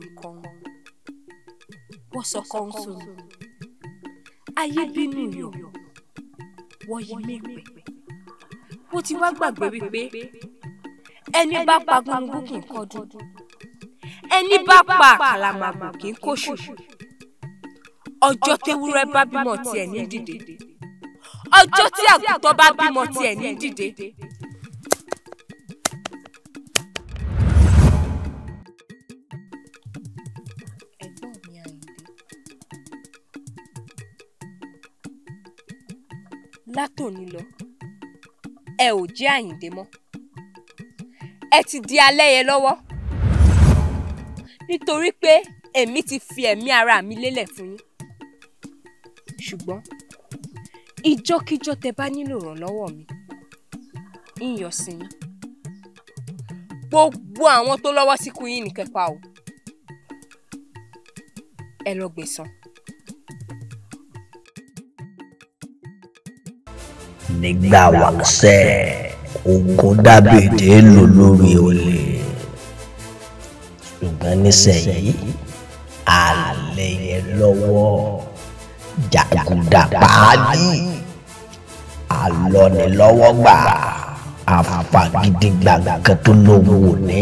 nǹkan wọ́n sọ kọ́ńsó ayé bínú yọ wọ́n yí mẹ́pẹ́ wọ́n ti wá gbàgbé wípé ẹni bá pa gbọ̀ngàn kì í kọ́dún ẹni bá pa àkàlàmàgbò kì í kóṣù ọjọ́ tẹ́wúrẹ́ bá bímọ tiẹ̀ ní dìde ọjọ́ tí àgùntàn bá bímọ tiẹ̀ ní dìde. látòní lọ ẹ ò jẹ́ àyìndé mọ́ ẹ ti di alẹ́yẹ lọ́wọ́ nítorí pé èmi ti fi ẹ̀mí ara mi lélẹ̀ fún yín ṣùgbọ́n ìjọ́kíjọ́ tẹ bá nílò ìrànlọ́wọ́ mi ń yọ sí yín gbogbo àwọn tó lọ́wọ́ síkú yín ní o ẹ lọ gbẹ̀san. nígbà wàṣẹ ogun dábìdì lò lórí olè ṣùgbọ́n nísìnyí àlẹ́ yẹn lọ́wọ́ jàgùdà pàálí àlọ́ni lọ́wọ́ gbà àfàgídí gbàgbà kan tó lówó ní.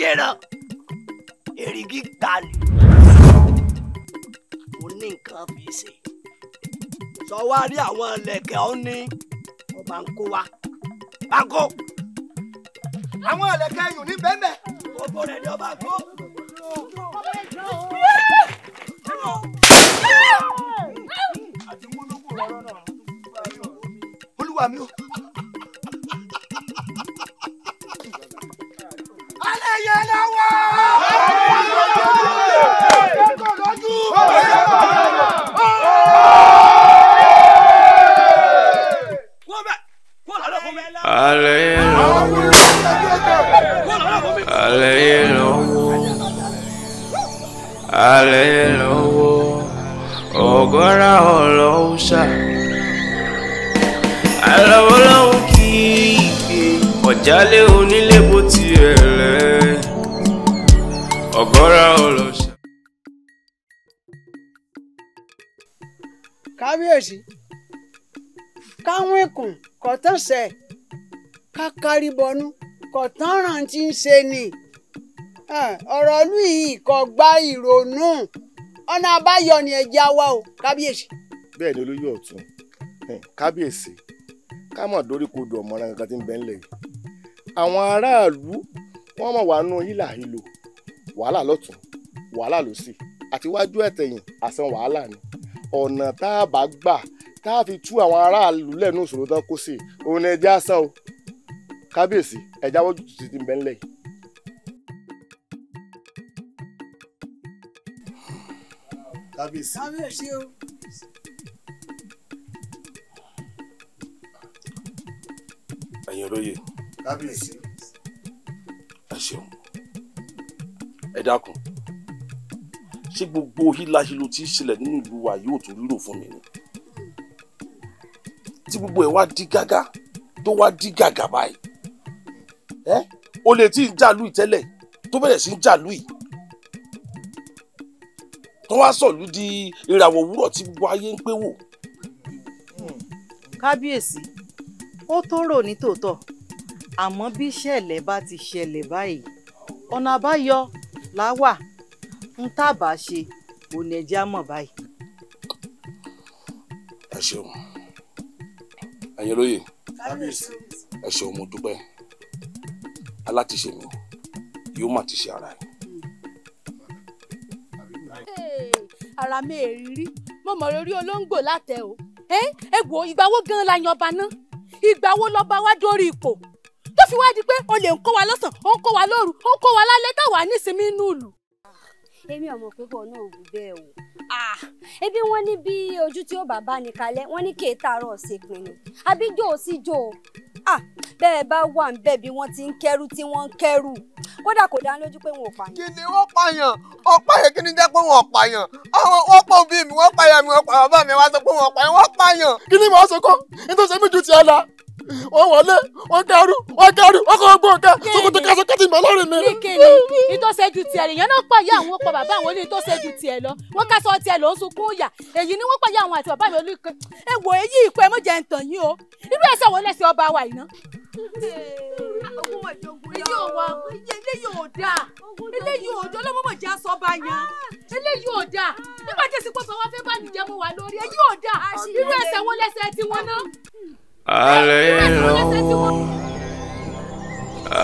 gẹ́ràn èrìgì gbalù ó ní nǹkan fi ṣe sọ wá rí àwọn ẹlẹ́kẹ̀ ọ́ ní ọba ń kó wa bá kábíyèsí káwọn ikùn kọ̀tán sẹ̀ kákárí bọnú kọ̀tán rántí ń ṣe ni ọ̀rọ̀ ìlú yìí kò gba ìrònú ọ̀nà àbáyọ ni ẹ̀jẹ̀ wa o kábíyèsí. bẹ́ẹ̀ ni olóyè ọ̀tún kábíyèsí ká mọ̀ dórí kodò ọ̀mọ́ra kankan tí ń bẹ ńlẹ̀ yìí àwọn aráàlú wọ́n mọ̀ wá nú hílà hílò wàhálà lọ́tún wàhálà lọ́sì àtiwájú ẹ̀tẹ̀yìn àsan wàhálà ni ọ̀nà tá a bá gbà tá a fi tú àwọn aráàlú lẹ́nu ìṣòro tán kó sí òun ni ẹja sàn o kábíyèsí ẹja wọ́jú ti ti bẹ́ẹ̀ lẹ́yìn. o. ẹ̀yin olóye. kábíyèsí. ẹ ṣeun ẹ ṣé gbogbo hílàhílo tí ń ṣẹlẹ̀ nínú ìlú wa yóò tún rírò fún mi ni tí gbogbo ẹ̀ wá di gágá tó wá di gàgà báyìí ẹ́ o lè tí ń jàlú ìtẹ́lẹ̀ tó bẹ̀rẹ̀ sí ń jàlú yìí tó wá sọ̀lú di ìràwọ̀ òwúrọ̀ tí gbogbo ayé ń pé wò. kábíyèsí ó tó rò ní tòótọ́ àmọ́ bí ìṣẹ̀lẹ̀ bá ti ṣẹlẹ̀ báyìí ọ̀nà àbáyọ làá wà ń tàbá ṣe òní ẹjẹ́ àmọ̀ báyìí. ẹ ṣeun ẹ̀yin olóye ẹ ṣeun mo dúpẹ́ alátiṣe mi yóò má ti ṣe ara ẹ̀. ara mi è rírí mo mọ̀ lórí olóńgbò látẹ̀ o ẹ wo ìgbà wo gan-an la yan ọba náà ìgbà wo lọ́ba wá dórí ipò tó fi wá di pé olè ń kó wa lọ́sàn ó ń kó wa lóru ó ń kó wa lálẹ́ táwa nísinmi nínú ìlú èmi ọmọ pípọ̀ náà wù bẹ́ẹ̀ o ebi wọn ní bí ojú tí ó bàbá ní kalẹ̀ wọn ní kéèta àárọ̀ ṣe pinnu àbíjó ò sí jò bẹ́ẹ̀ bá wà ń bẹ̀ bí wọ́n ti ń kẹ́rù tí wọ́n ń kẹ́rù kódà kò dá lójú pé wọn ò pààyàn. kí ni wọ́n pààyàn wọ́n pààyàn kí ni jẹ́ pé wọ́n pààyàn wọ́n pọ̀ bí mi wọ́n pààyàn mi wọ́n pààyàn bàbá mi wọ́n sọ pé wọ́n pààyàn wọ́n pààyàn. kí ni màá sọ kọ́ nítorí sẹ́mi ju ti ẹ̀ la wọ́n wọlé wọ́n kẹrù wọ́n kẹrù wọ́n kọ́ gbọ́ nǹkan sokoto kẹsàn kẹsì ìmọ̀ lọ́rùn mi. kíkìnì ìtọ́sẹ́jú tiẹ̀ lèèyàn náà pààyà àwọn ọkọ̀ bàbá àwọn olóyè ìtọ́sẹ́jú tiẹ̀ lọ wọ́n kásọ tiẹ̀ ló sunkún yà èyí ni wọ́n pààyà àwọn àti bàbá mi olóyè kan ẹ wò èyí ìkọ ẹ mọ̀ jẹ́ yín o irú ẹ̀ṣẹ̀ wo lẹ́sẹ̀ ọba wa ìná. eléyìí eléyìí ò dáa eléyìí ò jọ lọ́mọ́mọ́ jẹ́ aṣọ bá yan eléyìí ò dáa nígbà Alẹ́ lọ́wọ́,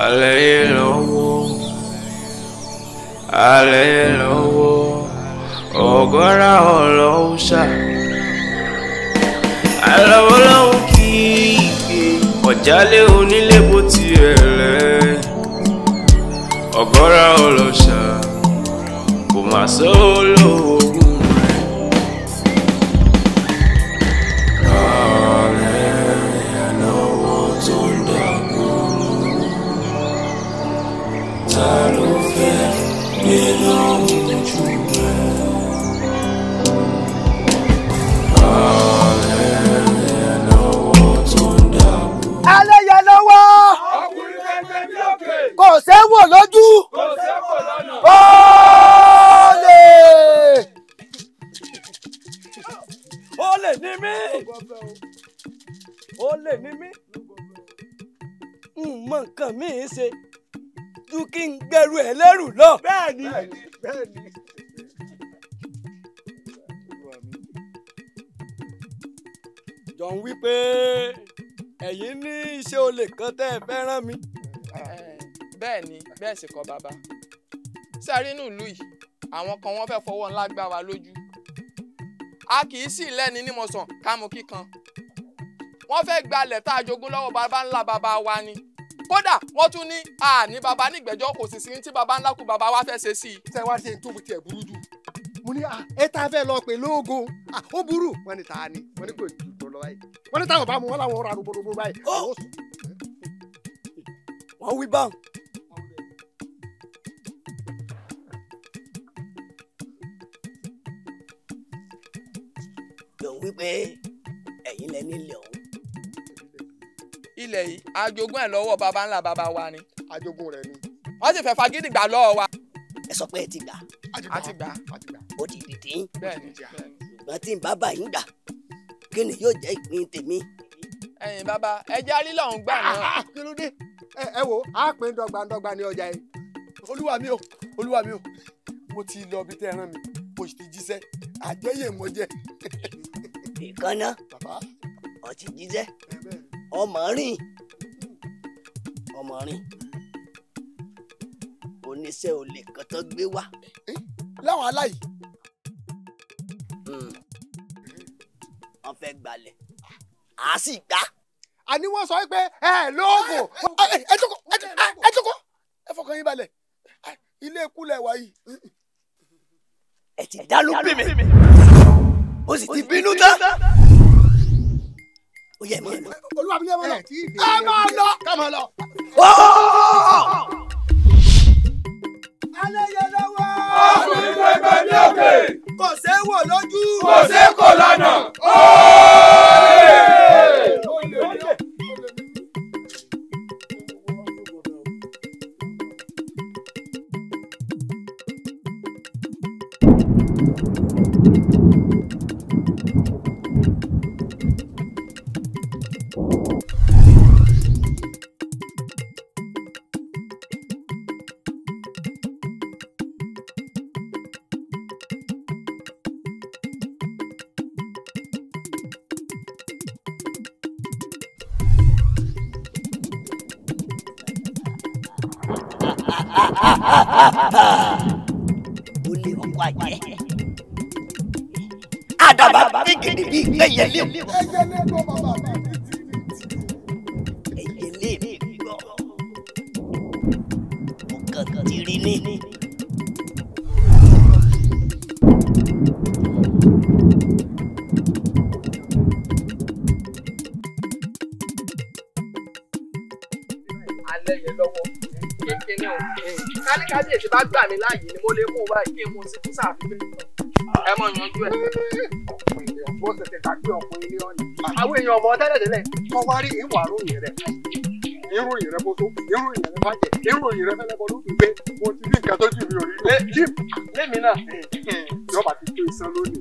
alẹ́ lọ́wọ́, alẹ́ lọ́wọ́, ọ̀gọ́ra ọlọ́wọ́ ṣá. Àlọ́wọ́ lọ́wọ́ kì í gbé ọ̀jálẹ̀ kò má sóòlò. olè ní mí n mọ nǹkan míì ṣe ju kí n gbẹrù ẹ lẹ́rù lọ. bẹ́ẹ̀ni bẹ́ẹ̀ni. jọ ń wí pé ẹ̀yin ní iṣẹ́ olè kan tẹ́ ẹ fẹ́ rán mi. bẹ́ẹ̀ ni bẹ́ẹ̀ sì kọ́ bàbá sẹ́rí inú ìlú yìí àwọn kan wọ́n fẹ́ fọwọ́ ńlá gbá wa lójú a kì í sì lẹ́ni nímọ̀sán kámú kíkan wọ́n fẹ́ gbalẹ̀ tá a jogún lọ́wọ́ baba ńlá baba wa ni kódà wọ́n tún ní àní baba nígbẹ̀jọ́ kò sì sí tí baba ńlá kú baba wa fẹ́ ṣe sí i. ṣé wàá ṣe tó bu tiẹ̀ burú jù mo ní ẹ ta fẹ́ lọ pè lóògùn ó burú wọ́n ní ta ni wọ́n ní kò ju tó lọ báyìí wọ́n ní táwọn bá mu wọ́n làwọn ọ̀rọ̀ àrùbọ̀rọ̀bọ̀ báyìí. wọ́n wí báwọn. ẹ̀yin lẹni ilé ọ̀hún. ilẹ̀ yìí àjogún ẹ̀ lọ́wọ́ baba ńlá baba wa ni. àjogún rẹ ni. wọ́n sì fẹ́ gbà wa. ẹ sọ pé ẹ ti gbà. a ti gbà. ó ti ni yóò jẹ́ ìpín tèmi. gbà náà. Ah, ah, kí ló dé ẹ wo a pè ń ní ọjà yìí olúwa mi o olúwa o mo ti lọ mo ti jíṣẹ́ ọmọ rìn ọmọ rìn oníṣẹ́ olè kan tó gbé wá. láwọn aláì. Hmm. wọ́n fẹ́ gbalẹ̀ àá sì gbá. àní wọ́n sọ pé ẹ lóògùn ẹ jókòó ẹ jókòó ẹ fọkàn yín balẹ̀ ilé ikú lẹ̀ wá yìí. ẹ ti dá ló bí mi ó sì ti bínú tán olúwa mi lè mọ lọ ẹ máa lọ ká máa lọ. alẹ́yẹlẹ wá. ọkùnrin òkè. kò séwò lójú. kò sé kò ooo. ẹyẹlé gbọ́. ẹyẹlé gbọ́ bàbá mi. ẹyẹlé gbọ́. mo kàn ti rí ní. alẹ́ yẹn lọ́wọ́ kékeré bá gbà mí láàyè ni mo lè mú un báyìí kí n mú un sí fún sáà fún mi. ọmọ tẹ́lẹ̀tẹ́lẹ̀ kọ́ wá rí ìwà ròyìn rẹ̀ ìròyìn rẹ̀ bọ́tò ìròyìn rẹ̀ bàjẹ́ ìròyìn rẹ̀ fẹ́lẹ́ bọ́dún gbé mo ti ní nǹkan tó jù mí ò rí. lé jim lémi náà yọba ti tó iṣan lónìí.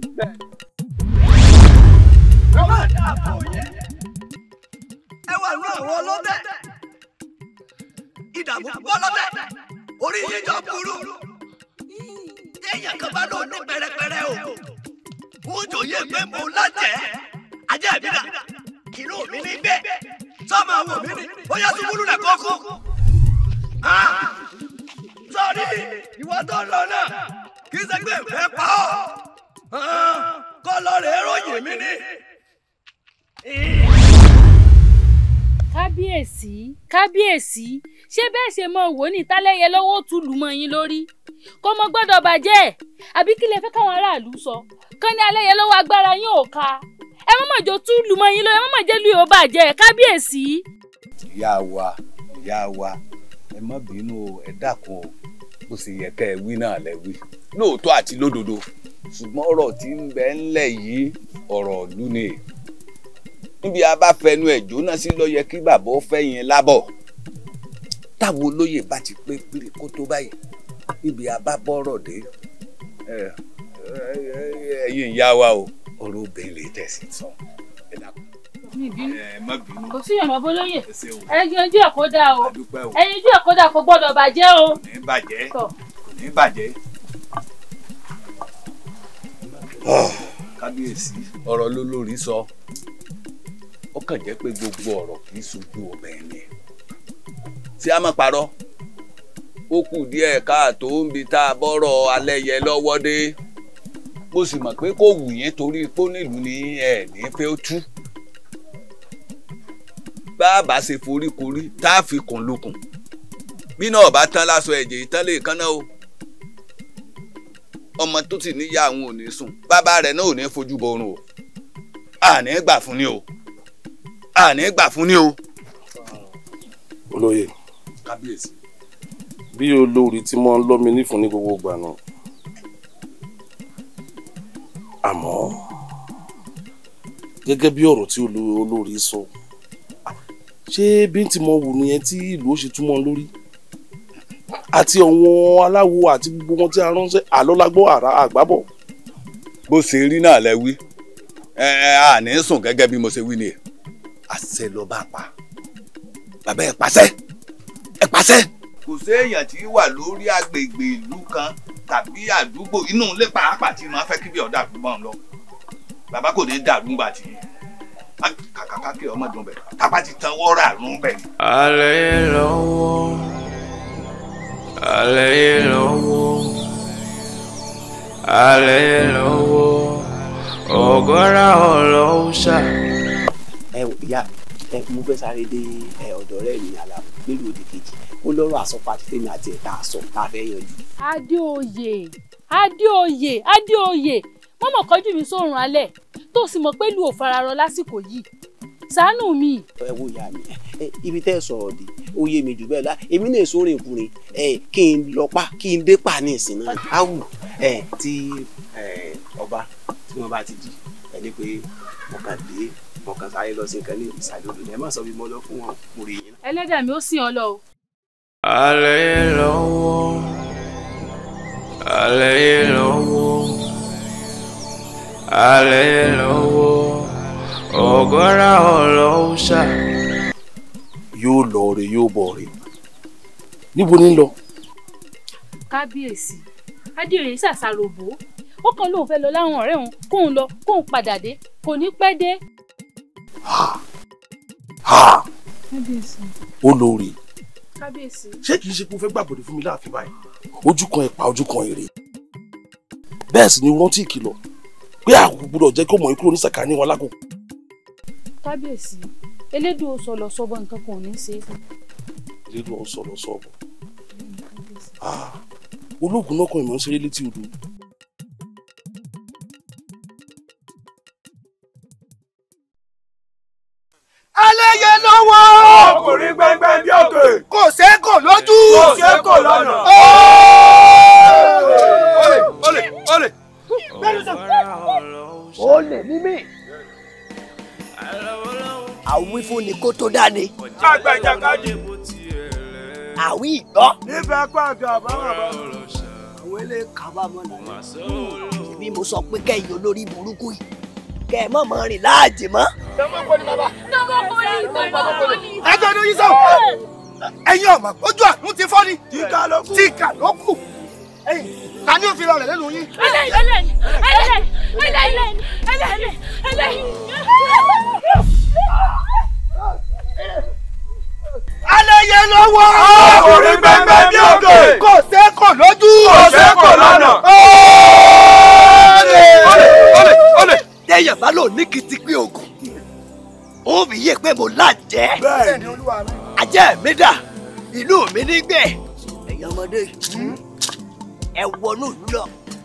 lè mọ wò ní tálẹ́yẹ lọ́wọ́ òtún lù mọ́ yín lórí kó mọ gbọdọ bàjẹ́ àbí kí lè káwọn sọ kán ní alẹ́yẹ agbára yín ò ka ẹ mọ́ mọ̀jọ tún lù mọ́ yín lórí ẹ lù bàjẹ́ kábíyèsí. ìyá wa ìyá wa ẹ má bínú o ẹ dákun o bó ṣe yẹ ẹ wí náà lẹ wí lóòótọ́ àti lódodo ṣùgbọ́n ọ̀rọ̀ tí ń bẹ ńlẹ̀ a ẹ̀ jóná sí yẹ kí bàbá ó lábọ̀ táwọn olóyè bá ti pé kó tó báyìí ibi abábọ́rọ̀ dé ẹ̀yin ìyá wa o ọ̀rọ̀ obìnrin lè tẹ̀sí sàn ẹ dàpọ̀. kò sí ìyànà bólóyè ẹyin ojú ẹ̀ kó o ẹyin ojú ẹ̀ kó dáa kò gbọ́dọ̀ bàjẹ́ o. kò ní bàjẹ́ kò ní bàjẹ́. Ah, kábíyèsí ọ̀rọ̀ lólórí sọ ó kàn jẹ́ pé gbogbo ọ̀rọ̀ kì í ṣojú obìnrin tí a máa parọ́ ó kù díẹ̀ káàtó ń bi tá a bọ́rọ̀ alẹ́ yẹ lọ́wọ́ dé mo sì mọ̀ pé kò wù yín torí pé nílùú ni ẹ ní pé ó tú bá a bá ṣe foríkorí tá a fi kùn lukùn bí náà bá tán láṣọ ẹ̀jẹ̀ ìtàn lè kán o ọmọ tó ti níyà àwọn ò ní sùn bàbá rẹ̀ náà ò ní fojú borun o àní gbà fún ni o àní gbà fún ni o. olóye kábíyèsí. bí olórí tí mo ń lọ́mi nífun ní gbogbo ìgbà náà àmọ́ gẹ́gẹ́ bí ọ̀rọ̀ tí olórí sọ ṣé bí n ti mọ wò nìyẹn tí ìlú ó ṣe túmọ̀ lórí àti àwọn aláwo àti gbogbo wọn tí a ránṣẹ́ àlọ́lágbọ́ àrà àgbábọ̀. bó ṣe rí náà lẹ wí ẹ àní sùn gẹ́gẹ́ bí mo ṣe wí ni àṣẹ ló bá pa bàbá ẹ̀ pàṣẹ ẹ pàṣẹ. kò séèyàn tí wà lórí agbègbè ìlú kan tàbí àdúgbò inú ilé pàápàá tí máa fẹ́ kí bí ọ̀dà àdúgbò ń lọ bàbá kò ní dàrú ńgbà tí kàkàkà kí ọmọ dùn bẹ̀ ti tan wọ́ọ́rọ́ àrùn bẹ̀. alẹ́ lọ́wọ́ alẹ́ lọ́wọ́ alẹ́ lọ́wọ́ ọ̀gọ́ra ọ̀rọ̀ ọ̀ṣà. ẹ ìyá mi mo fẹ́ sáré dé eh, ọ̀dọ̀ ọ̀rẹ́ mi àlàbò nílùú òde kejì ó lọ́rọ̀ àsọpọ̀ àti fẹ́mi àti ẹ̀ta àsọ tá a fẹ́ yanjú. adéoyè adéoyè adéoyè mọ́mọ́ kọjú mi sóòrùn alẹ́ tó sì mọ̀ pé lu ò fararọ lásìkò yìí ṣàánú mi. ẹ wo ìyá mi ibi tẹ́ ẹ sọ̀rọ̀ di ó yé mi jù bẹ́ẹ̀ la èmi náà sóòrè ìkùnrin kí n lọ pa kí n dé pa ní ìsìn náà. awù tí ọba tí wọ́n bá ti jí ẹni pé mo kà dé mo kàn sáré lọ sí nǹkan ní ìsàlẹ̀ odò ni ẹ má sọ bí mo lọ fún wọn mo rí yín. ẹlẹ́dàá mi ó sìn ọ lọ o. alẹ́ lọ́wọ́ alẹ́ lọ́wọ́ alẹ́ lọ́wọ́ ọ̀gọ́ra ọ̀rọ̀ ọ̀ṣà. yóò lọ rè yóò bọ̀ rè níbo ni lọ. kábíyèsí adìrẹ ṣàṣàròbó ó kàn lóun fẹ́ lọ láwọn ọ̀rẹ́ òun kóun lọ kóun padà dé kò ní pẹ́ dé olóore ṣé kìí ṣe pé o fẹ́ gbàgbọ́dọ̀ fún mi láàfin báyìí ojú kan ẹ̀pà ojú kan èrè bẹ́ẹ̀ sì ni rántí ìkìlọ̀ pé àkókò gbọ́dọ̀ jẹ́ kí o mọ̀ ikú oníṣàkà ní wọn lákòókò. kábíyèsí elédùn ó sọlọ sọbọ nǹkan kan ò ní í ṣe é fún. elédùn ó sọlọ sọbọ ah, olóògùn náà kan ìmọ̀ ń ṣeré létí odò lọ́wọ́. ọkùnrin gbẹ́ngbẹ́ bí òkè. kò sékò lójú. kò sékò lọ́nà. olè olè olè. olè mímí. àwí fún ni kó tó dáni. agbẹjàkadì. àwí ìgbọ́. níbẹ̀ kó àgbà bá wà àwọn eléyìí kábàámọ̀ náà. ìbí mo sọ pé kẹ́yìn olórí burúkú yìí kẹ ẹ mọ̀ mọ́ rìn láàjì mọ́. ẹgbẹ́nu yìí sọ ẹ̀yin ọ̀mà ojú àánú ti fọ́ ni tí kà ló kù ta ni ó fi lọ rẹ̀ lẹ́nu yín. ẹlẹ́yìn ẹlẹ́yìn ẹlẹ́yìn ẹlẹ́yìn ẹlẹ́yìn ẹlẹ́yìn alẹ́yẹ lọ́wọ́. ọkùnrin gbẹngbẹ bí òkè. kò sẹ́kọ̀ lójú. kò sẹ́kọ̀ lọ́nà. olè olè olè téèyàn bá lò ní kìtì pé ogun ó fi yé pé mo lájẹ́ ajẹ́ mi dà ìlú mi nígbẹ́ ẹ̀yàn ọmọdé hmm. ẹ wọnú lọ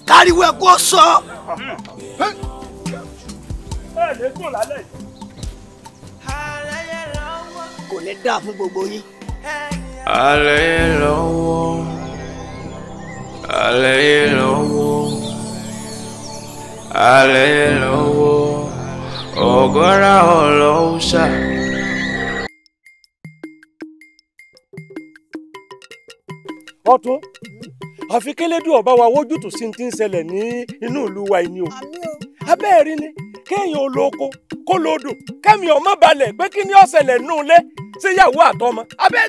káríwé kó sọ. kò ní dáa fún gbogbo yín. alẹ́ yẹn lọ́wọ́ alẹ́ yẹn lọ́wọ́. alẹ́ lọ́wọ́ ọ̀rọ̀ ọtún àfi kélédùn ọba wa wójútùú sí ti ń ní inú ìlú wa ni o abẹ́ẹ̀rí ni kéèyàn olóko kó lódò kẹ́mi ọmọ balẹ̀ pé kí lé síyàwó àtọmọ abẹ́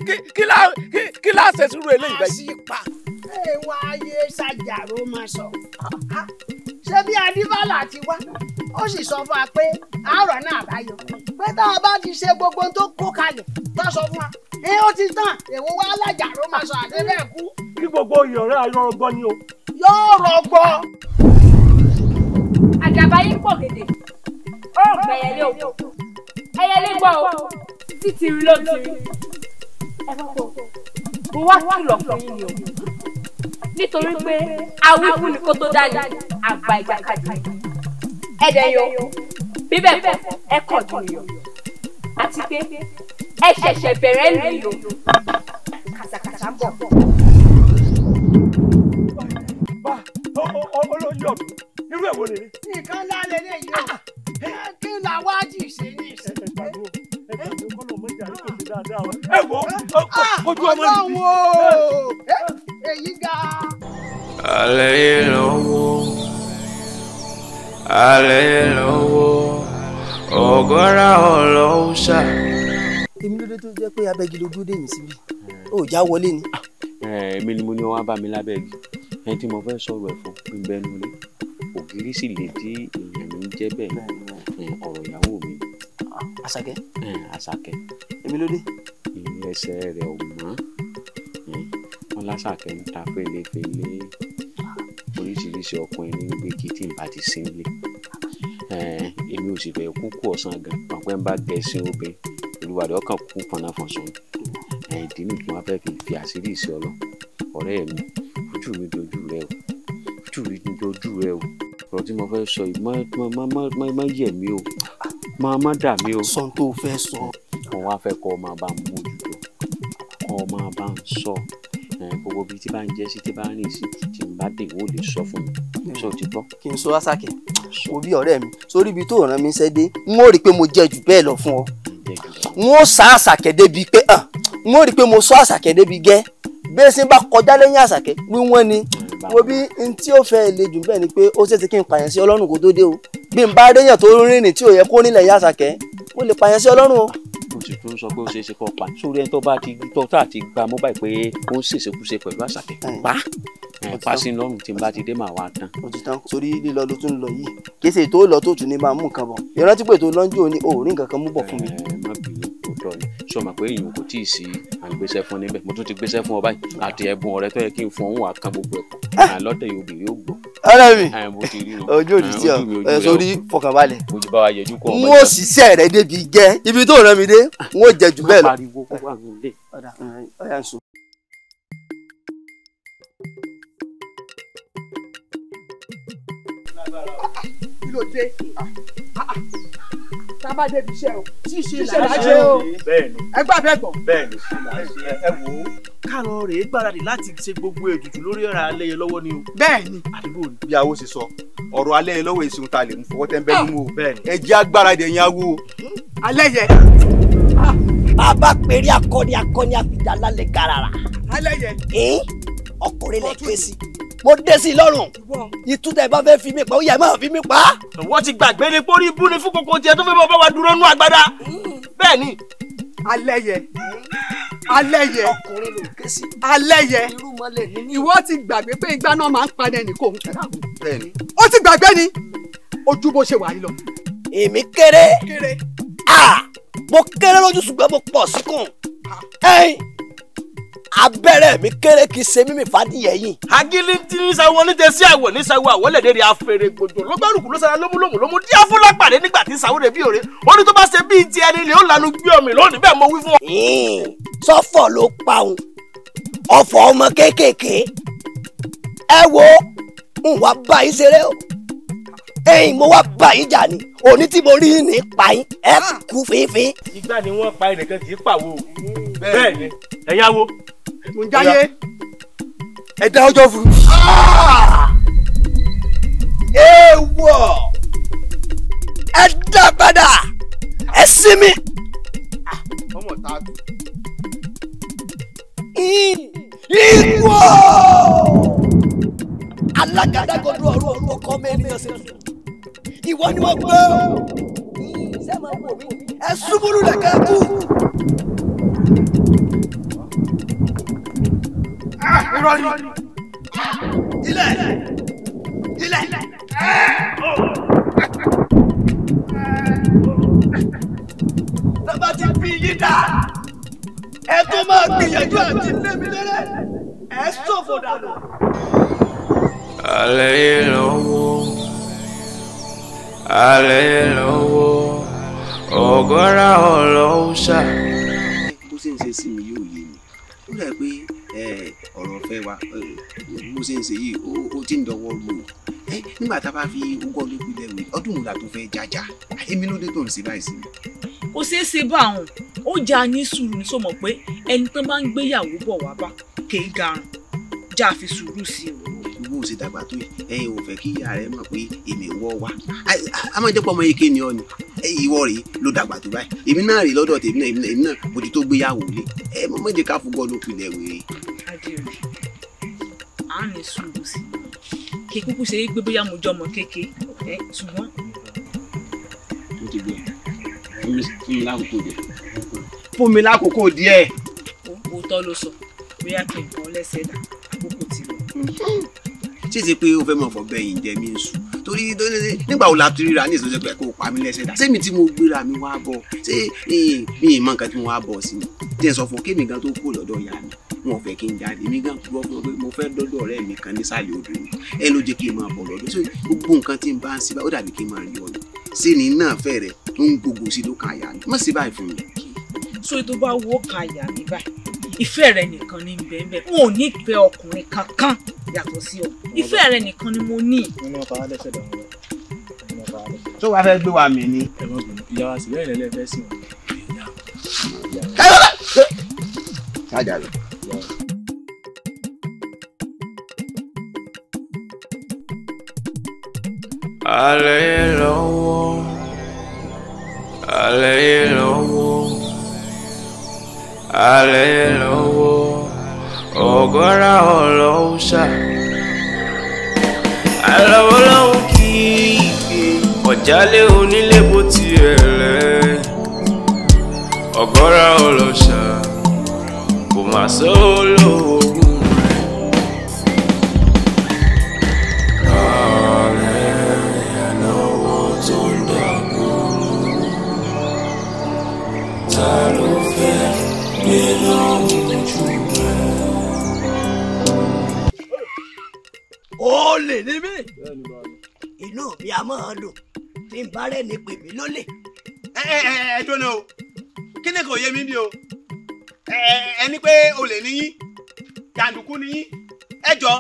kí ṣe sírú eléyìí ṣé bí adébálà ti wá ó sì sọ fún wa pé àárọ̀ náà àbáyọ pé tá bá ti ṣe gbogbo tó kó kalẹ̀ tó sọ fún wa ẹ ó ti tàn èwo wá alájà ló máa sọ àdé bẹ́ẹ̀ kú. kí gbogbo ìyọ̀rẹ́ ayọ̀rọ̀gbọ́ ni o. yóò rọgbọ. àjàbá yín pò gèdè ó pè ẹyẹlé òkú ẹyẹlé gbọ́ o títí rí ló rí ẹ bá kó o wá kìlọ̀ fún yín ni o nítorí pé awífún ni kó tó dání àgbà ìjàkadì ẹ̀dẹ̀ yọ bíbẹ̀ kọ́ ẹ kọ̀ jù yọ àti pé ẹ ṣẹ̀ṣẹ̀ lè yọ kàtàkàtà ń irú ẹ̀ wo lè rí. nǹkan ńlá lè yọ ah, ah. kí làwọn á jì ṣe ní ìṣẹ̀lẹ̀ ah. ẹ wo ojú ọmọ nìbí èyí ga. alẹ́ yìí lọ́wọ́ alẹ́ yìí lọ́wọ́ ọ̀gọ́ra ọlọ́ọ̀ṣà. èmi ló dé tó jẹ́ pé abẹ́gilógún dé yìí síbi ó já wọlé ni. èmi ni mo ní wọn bá mi lábẹ́gi ẹni tí mo fẹ́ sọ̀rọ̀ ẹ̀ fún mi bẹ́ẹ̀ nílé ògiri sì lè dí èèyàn mi jẹ́ bẹ́ẹ̀ ọ̀rọ̀ ìyàwó mi. àṣàkẹ́. àṣàkẹ́. èmi ló dé. ìrẹsẹ̀ rẹ̀ ò mọ́ wọn lásàkẹ́ ń ta fèlèfèlè oríṣiríṣi ọkùnrin ní gbé kí tí n bá ti sí nílé èmi ò sì fẹ́ kúkú ọ̀sán gan pàpẹ́ ń bá gẹ̀ẹ́sì obìnrin olùwàdí ọkàn kú fọnáfọ̀sán ìdí nìyí tí wọ́n fẹ́ fi fi àṣírí ìṣẹ́ ọlọ́ ọ̀rẹ́ mi ojú mi dojú rẹ o ojú mi dojú rẹ o ọ̀rọ̀ tí mo fẹ́ sọ yìí má yẹ̀ mí o má má dà mí o. sọ tó fẹ́ sọ. mo wá fẹ́ kọ́ ọ máa bá ń mójútó kọ́ ọ máa bá ń sọ gbogbo bí tí bá ń jẹ́ sí tí bá ń rìn sí tí n bá dé ìwọ lè sọ fún mi hmm. sọ ti gbọ́. kì í sọ asake wo bí ọ̀rẹ́ mi sórí ibi tó ràn mí ṣe dé n ó rí i pé mo jẹ jù bẹ́ẹ̀ lọ fún ọ n ó sá àṣàkẹ́ débi pé n ó rí i pé mo sọ àṣàkẹ́ débi gẹ́ bẹ́ẹ̀ sì bá kọjá lẹ́yìn àṣàkẹ́ wíwọ́n ni hmm. wo bí n tí ó fẹ́ le jù bẹ́ẹ̀ ni pé ó ṣèṣe kí n pààyàn sí ọlọ́run kó tó dé o bí n bá réyàn tó rìnrìn tí ò yẹ kó rìnlẹ̀ yá àṣàkẹ́ mo lè pààyàn sí ọlọ́run o tó ń sọ pé ó ṣeé ṣe pa sórí ẹni tó bá ti tọ́ tá àti gba mọ́ báyìí pé ó ń ṣèṣekúṣe pẹ̀lú àṣàkẹ́ pa pàṣẹ lọ́rùn tí n bá ti dé màá wá tán. o ti tán sórí lílọ ló tún lọ yìí kí èsè tó lọ tó tún ní máa mú nǹkan bọ̀ ìrántí pé tó lọ́njú òní òórìn kankan mú bọ̀ fún mi àwùjọ ni ṣé o mọ̀ pé ìyún kò tíì sí à ń gbéṣẹ́ fún mo tún ti gbéṣẹ́ fún ọ báyìí àti ẹ̀bùn ọ̀rẹ́ tó yẹ kí n fún òun àkàn gbogbo ẹ̀kọ́ ah! àlọ́tẹ̀ yóò bì yóò gbọ́. ọ̀rẹ́ mi ojú òdì sí ọ sórí fọkànbalẹ̀ n ó ṣiṣẹ́ rẹ débi gẹ́ ibi tó rán mi dé n ó jẹ jù bẹ́ẹ̀ lọ. kí ló dé? tábà débi iṣẹ́ o ṣíṣe là á ṣe o ẹ gbà bẹ́ẹ̀ gbọ̀n. bẹ́ẹ̀ni ẹ wò ó káàrọ̀ rè é gbáradì láti ṣe gbogbo ètùtù lórí ọ̀rọ̀ alẹ́yẹ lọ́wọ́ ni o. bẹ́ẹ̀ni àdúgbò ni. bí awo ṣe sọ ọ̀rọ̀ alẹ́yẹ lọ́wọ́ èsì ta lè mú fọwọ́ tẹ́ńbẹ́ nínú o ẹ bàbá péré akọni akọni àfìjà lálẹ́ garara. alẹ́yẹ. ọkùnrin lè ké mo dé sí i lọ́rùn ìtútẹ̀ bá fẹ́ fi mi pa ó yẹ máa fi mi pa. wọ́n ti gbàgbé ni pórí ibú ni fún kòkó tiẹ̀ tó fẹ́ bọ́ bá wa dúró nú agbada mm. bẹ́ẹ̀ ni. alẹ́ yẹ alẹ́ yẹ alẹ́ yẹ ìwọ ti gbàgbé pé igbá náà máa ń padà ẹnì kò ń tẹ̀ ó ti gbàgbé ni ojú bó ṣe wà yìí lọ. èmi kéré ah! mo kéré lójú ṣùgbọ́n mo pọ̀ síkùn ah abẹ́rẹ́ mi kéré kì í ṣe mímì fàdíyẹ yìí. agili ti ń sanwó oníjẹ sí àwọ̀ ní sanwó àwọ̀lẹ̀dẹ̀ rẹ̀ afẹ́rẹ́ gbòdò lọ́gbàrúkú ló sara lómúlómú lómú díẹ̀ fún lápàdé nígbà tí sanwó rẹ̀ bí òre ó ní tó bá ṣe bíi ti ẹni lè ó lanu gbé ọmọ ìlónìí bẹ́ẹ̀ mo wí fún ọ. sọ́fọ̀ ló pa òun ọ̀fọ̀ ọmọ kéékèèké ẹ wo ń wá bá yín ṣeré o ẹ̀yin mo wá bá yín jà ni òní tí mo rí ní pa ẹ kú fínfín. ìgbà ni wọ́n pa ẹnìkan kì í pàwọ́ bẹ́ẹ̀ ni ẹ̀yáwó mo ń jáyé ẹ dá ọjọ́ fún. èèwọ̀ ẹ padà ẹ sinmi. ọmọ tá a dùn. ìwọ alágàdàgọdọ ọ̀rọ̀ ìwọ ni wọn gbọ́ ẹ ṣubúrú lẹkẹ kú irọ́ ni ilẹ̀ ilẹ̀ tọ́ba ti bí yín dá ẹ tó máa gbìyànjú àti lémi lérè ẹ ṣòfò dànù. alẹ́ yìí lọ́wọ́ alẹ́ yìí lọ́wọ́ ọ̀gọ́ra ọ̀lọ́wọ́ ṣá. bó ṣe ń ṣe sí mi yóò yé mi ó dà pé ọ̀rọ̀ ọ̀fẹ́ wa mo ṣe ń ṣe yìí ó ti ń dọwọ́ lu ẹ nígbà tá a bá fi ogún ọdún ìpínlẹ̀ ọdún òun tó fẹ́ jájà èmi ló dé tó ń ṣe báyìí sí mi. kò ṣeé ṣe bá àwọn ó jà ní sùúrù ní sọmọ pé ẹni tó máa ń gbéyàwó bọ̀ wá bá kéé garun já fi sùúrù sí o bó ṣe dàgbà tó yìí ẹ̀yin ò fẹ́ kí ìyá rẹ mọ̀ pé èmi wọ́ wa a máa jẹ́ pọ̀ ọmọ eke ni ọ ni ìwọ rèé ló dàgbà tó báyìí èmi náà rèé lọ́dọ̀ tèmi náà èmi náà mo ti tó gbéyàwó lé ẹ mọ̀ mọ́jẹ́ ká fúgọ́ ló pinnu ẹ̀wẹ̀ rèé káàkiri à ń ní sùúrù sí kí kúkú ṣe é gbé bóyá mo jọ ọmọ kéèké ẹ ṣùgbọ́n. mo ti gbọ́ fún mi lákòókò díẹ̀. fún mi lákòókò díẹ̀. òótọ́ ló sọ bóyá kí n kàn lẹ́sẹ̀ dà àkókò tí lọ. ṣé ṣe pé o fẹ́ mọ̀ fọ́ bẹ́yìn jẹ́ mi ń sùn torí nígbà wo la ti ríra ní ìsọjọ́ pé kó o pa mí lẹ́sẹ̀ Se sẹ́mi tí mo gbéra mi wá bọ̀ ṣé eh, mi ì mọ nǹkan tí mo wá bọ̀ sí ni tí n sọ fún kémi gan tó kú lọ́dọ̀ ìyá mi wọn fẹ́ kí n jáde èmi gan tó wọ́pọ̀ pé mo fẹ́ dọ́dọ̀ ọ̀rẹ́ mi kan nísàlẹ̀ odò ni ẹ ló jẹ́ kí n máa bọ̀ lọ́dọ̀ so gbogbo nǹkan tí n bá ń síbá ó dàbí kí n máa rí ọ̀nà sí ni náà fẹ́ rẹ̀ tó ń gbogbo sí ló kàyà mi má sí báyìí fún mi. so tó bá wó kàyà mi báyìí ìfẹ́ rẹ nìkan ni bẹ́ẹ̀ n ò nífẹ̀ẹ́ ọkùnrin kankan yàtọ̀ sí ọ ìfẹ́ rẹ nìkan ni mo ní. tó wàá fẹ́ gbé wa mì ni. ìyá wa sì bẹ́ẹ̀ alẹ́ lọ́wọ́ low. I alẹ́ low. ọ̀gọ́ra ọlọ́wọ́sà alọ́wọ́lọ́wọ́ kì í gbé ọ̀jálé onílé bó tiẹ̀ lẹ́ ọ̀gọ́ra ọlọ́sà kò má sọ́ olówó. olè ni mí inú mi a máa dùn tí n bá rẹ̀ ní pèmí lólè. ẹ ẹ ẹ ẹ dúró o kí ni kò yé mi bí o ẹ ẹ ní pé olè ni yín jàǹdùkú ni yín ẹ jọ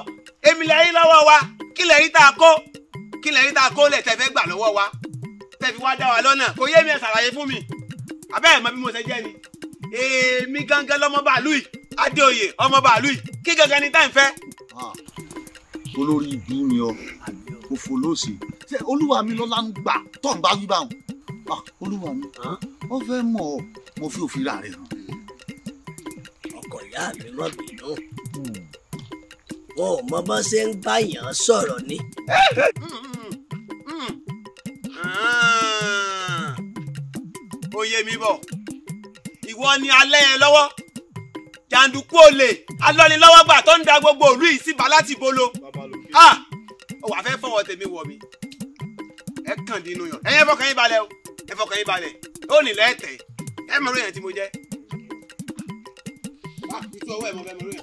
èmi lẹ́yìn lọ́wọ́ wa kí lẹ́yìn tá a kó kí lẹ́yìn tá a kó lẹ̀ tẹ́ gbà lọ́wọ́ wa tẹ́ fi dá wa lọ́nà kò yé mi ẹ ṣàlàyé fún mi àbẹ́ ẹ̀ mọ bí mo ṣe jẹ́ ni èmi gangan lọ́mọ bàálù yìí Adéoyè ọmọ bàálù yìí kí gangan ni tá n fẹ́. Ah olórí ibú ni ọ òfò lóòsì ṣe olúwa mi lọ́la ń gbà tó ń bá wí báwọn ah, olúwa mi wọ́n fẹ́ mọ̀ ọ́ mo fi òfin rà rẹ̀ hàn. ọkọ ìyá mi má bínú hmm. wọn ò mọ bá ṣe ń báyàn sọ̀rọ̀ ni. ó yé mi bọ̀ ìwọ ni alẹ́ yẹn lọ́wọ́ jàǹdùkú olè alọ́nilọ́wọ́gbà tó ń da gbogbo ìlú yìí sí bolo ah ọwọ́ àfẹ́ fọwọ́ tèmi wọ̀ mi ẹ kàn dín inú yàn ẹ̀yin ẹ fọkàn yín balẹ̀ o ẹ fọkàn yín balẹ̀ ó nì lẹ́ẹ̀tẹ̀ ẹ mọ̀ lóyún tí mo jẹ́. wà á tutù ọwọ́ ẹ̀ mọ̀ bẹ́ẹ̀ mọ̀ lóyún.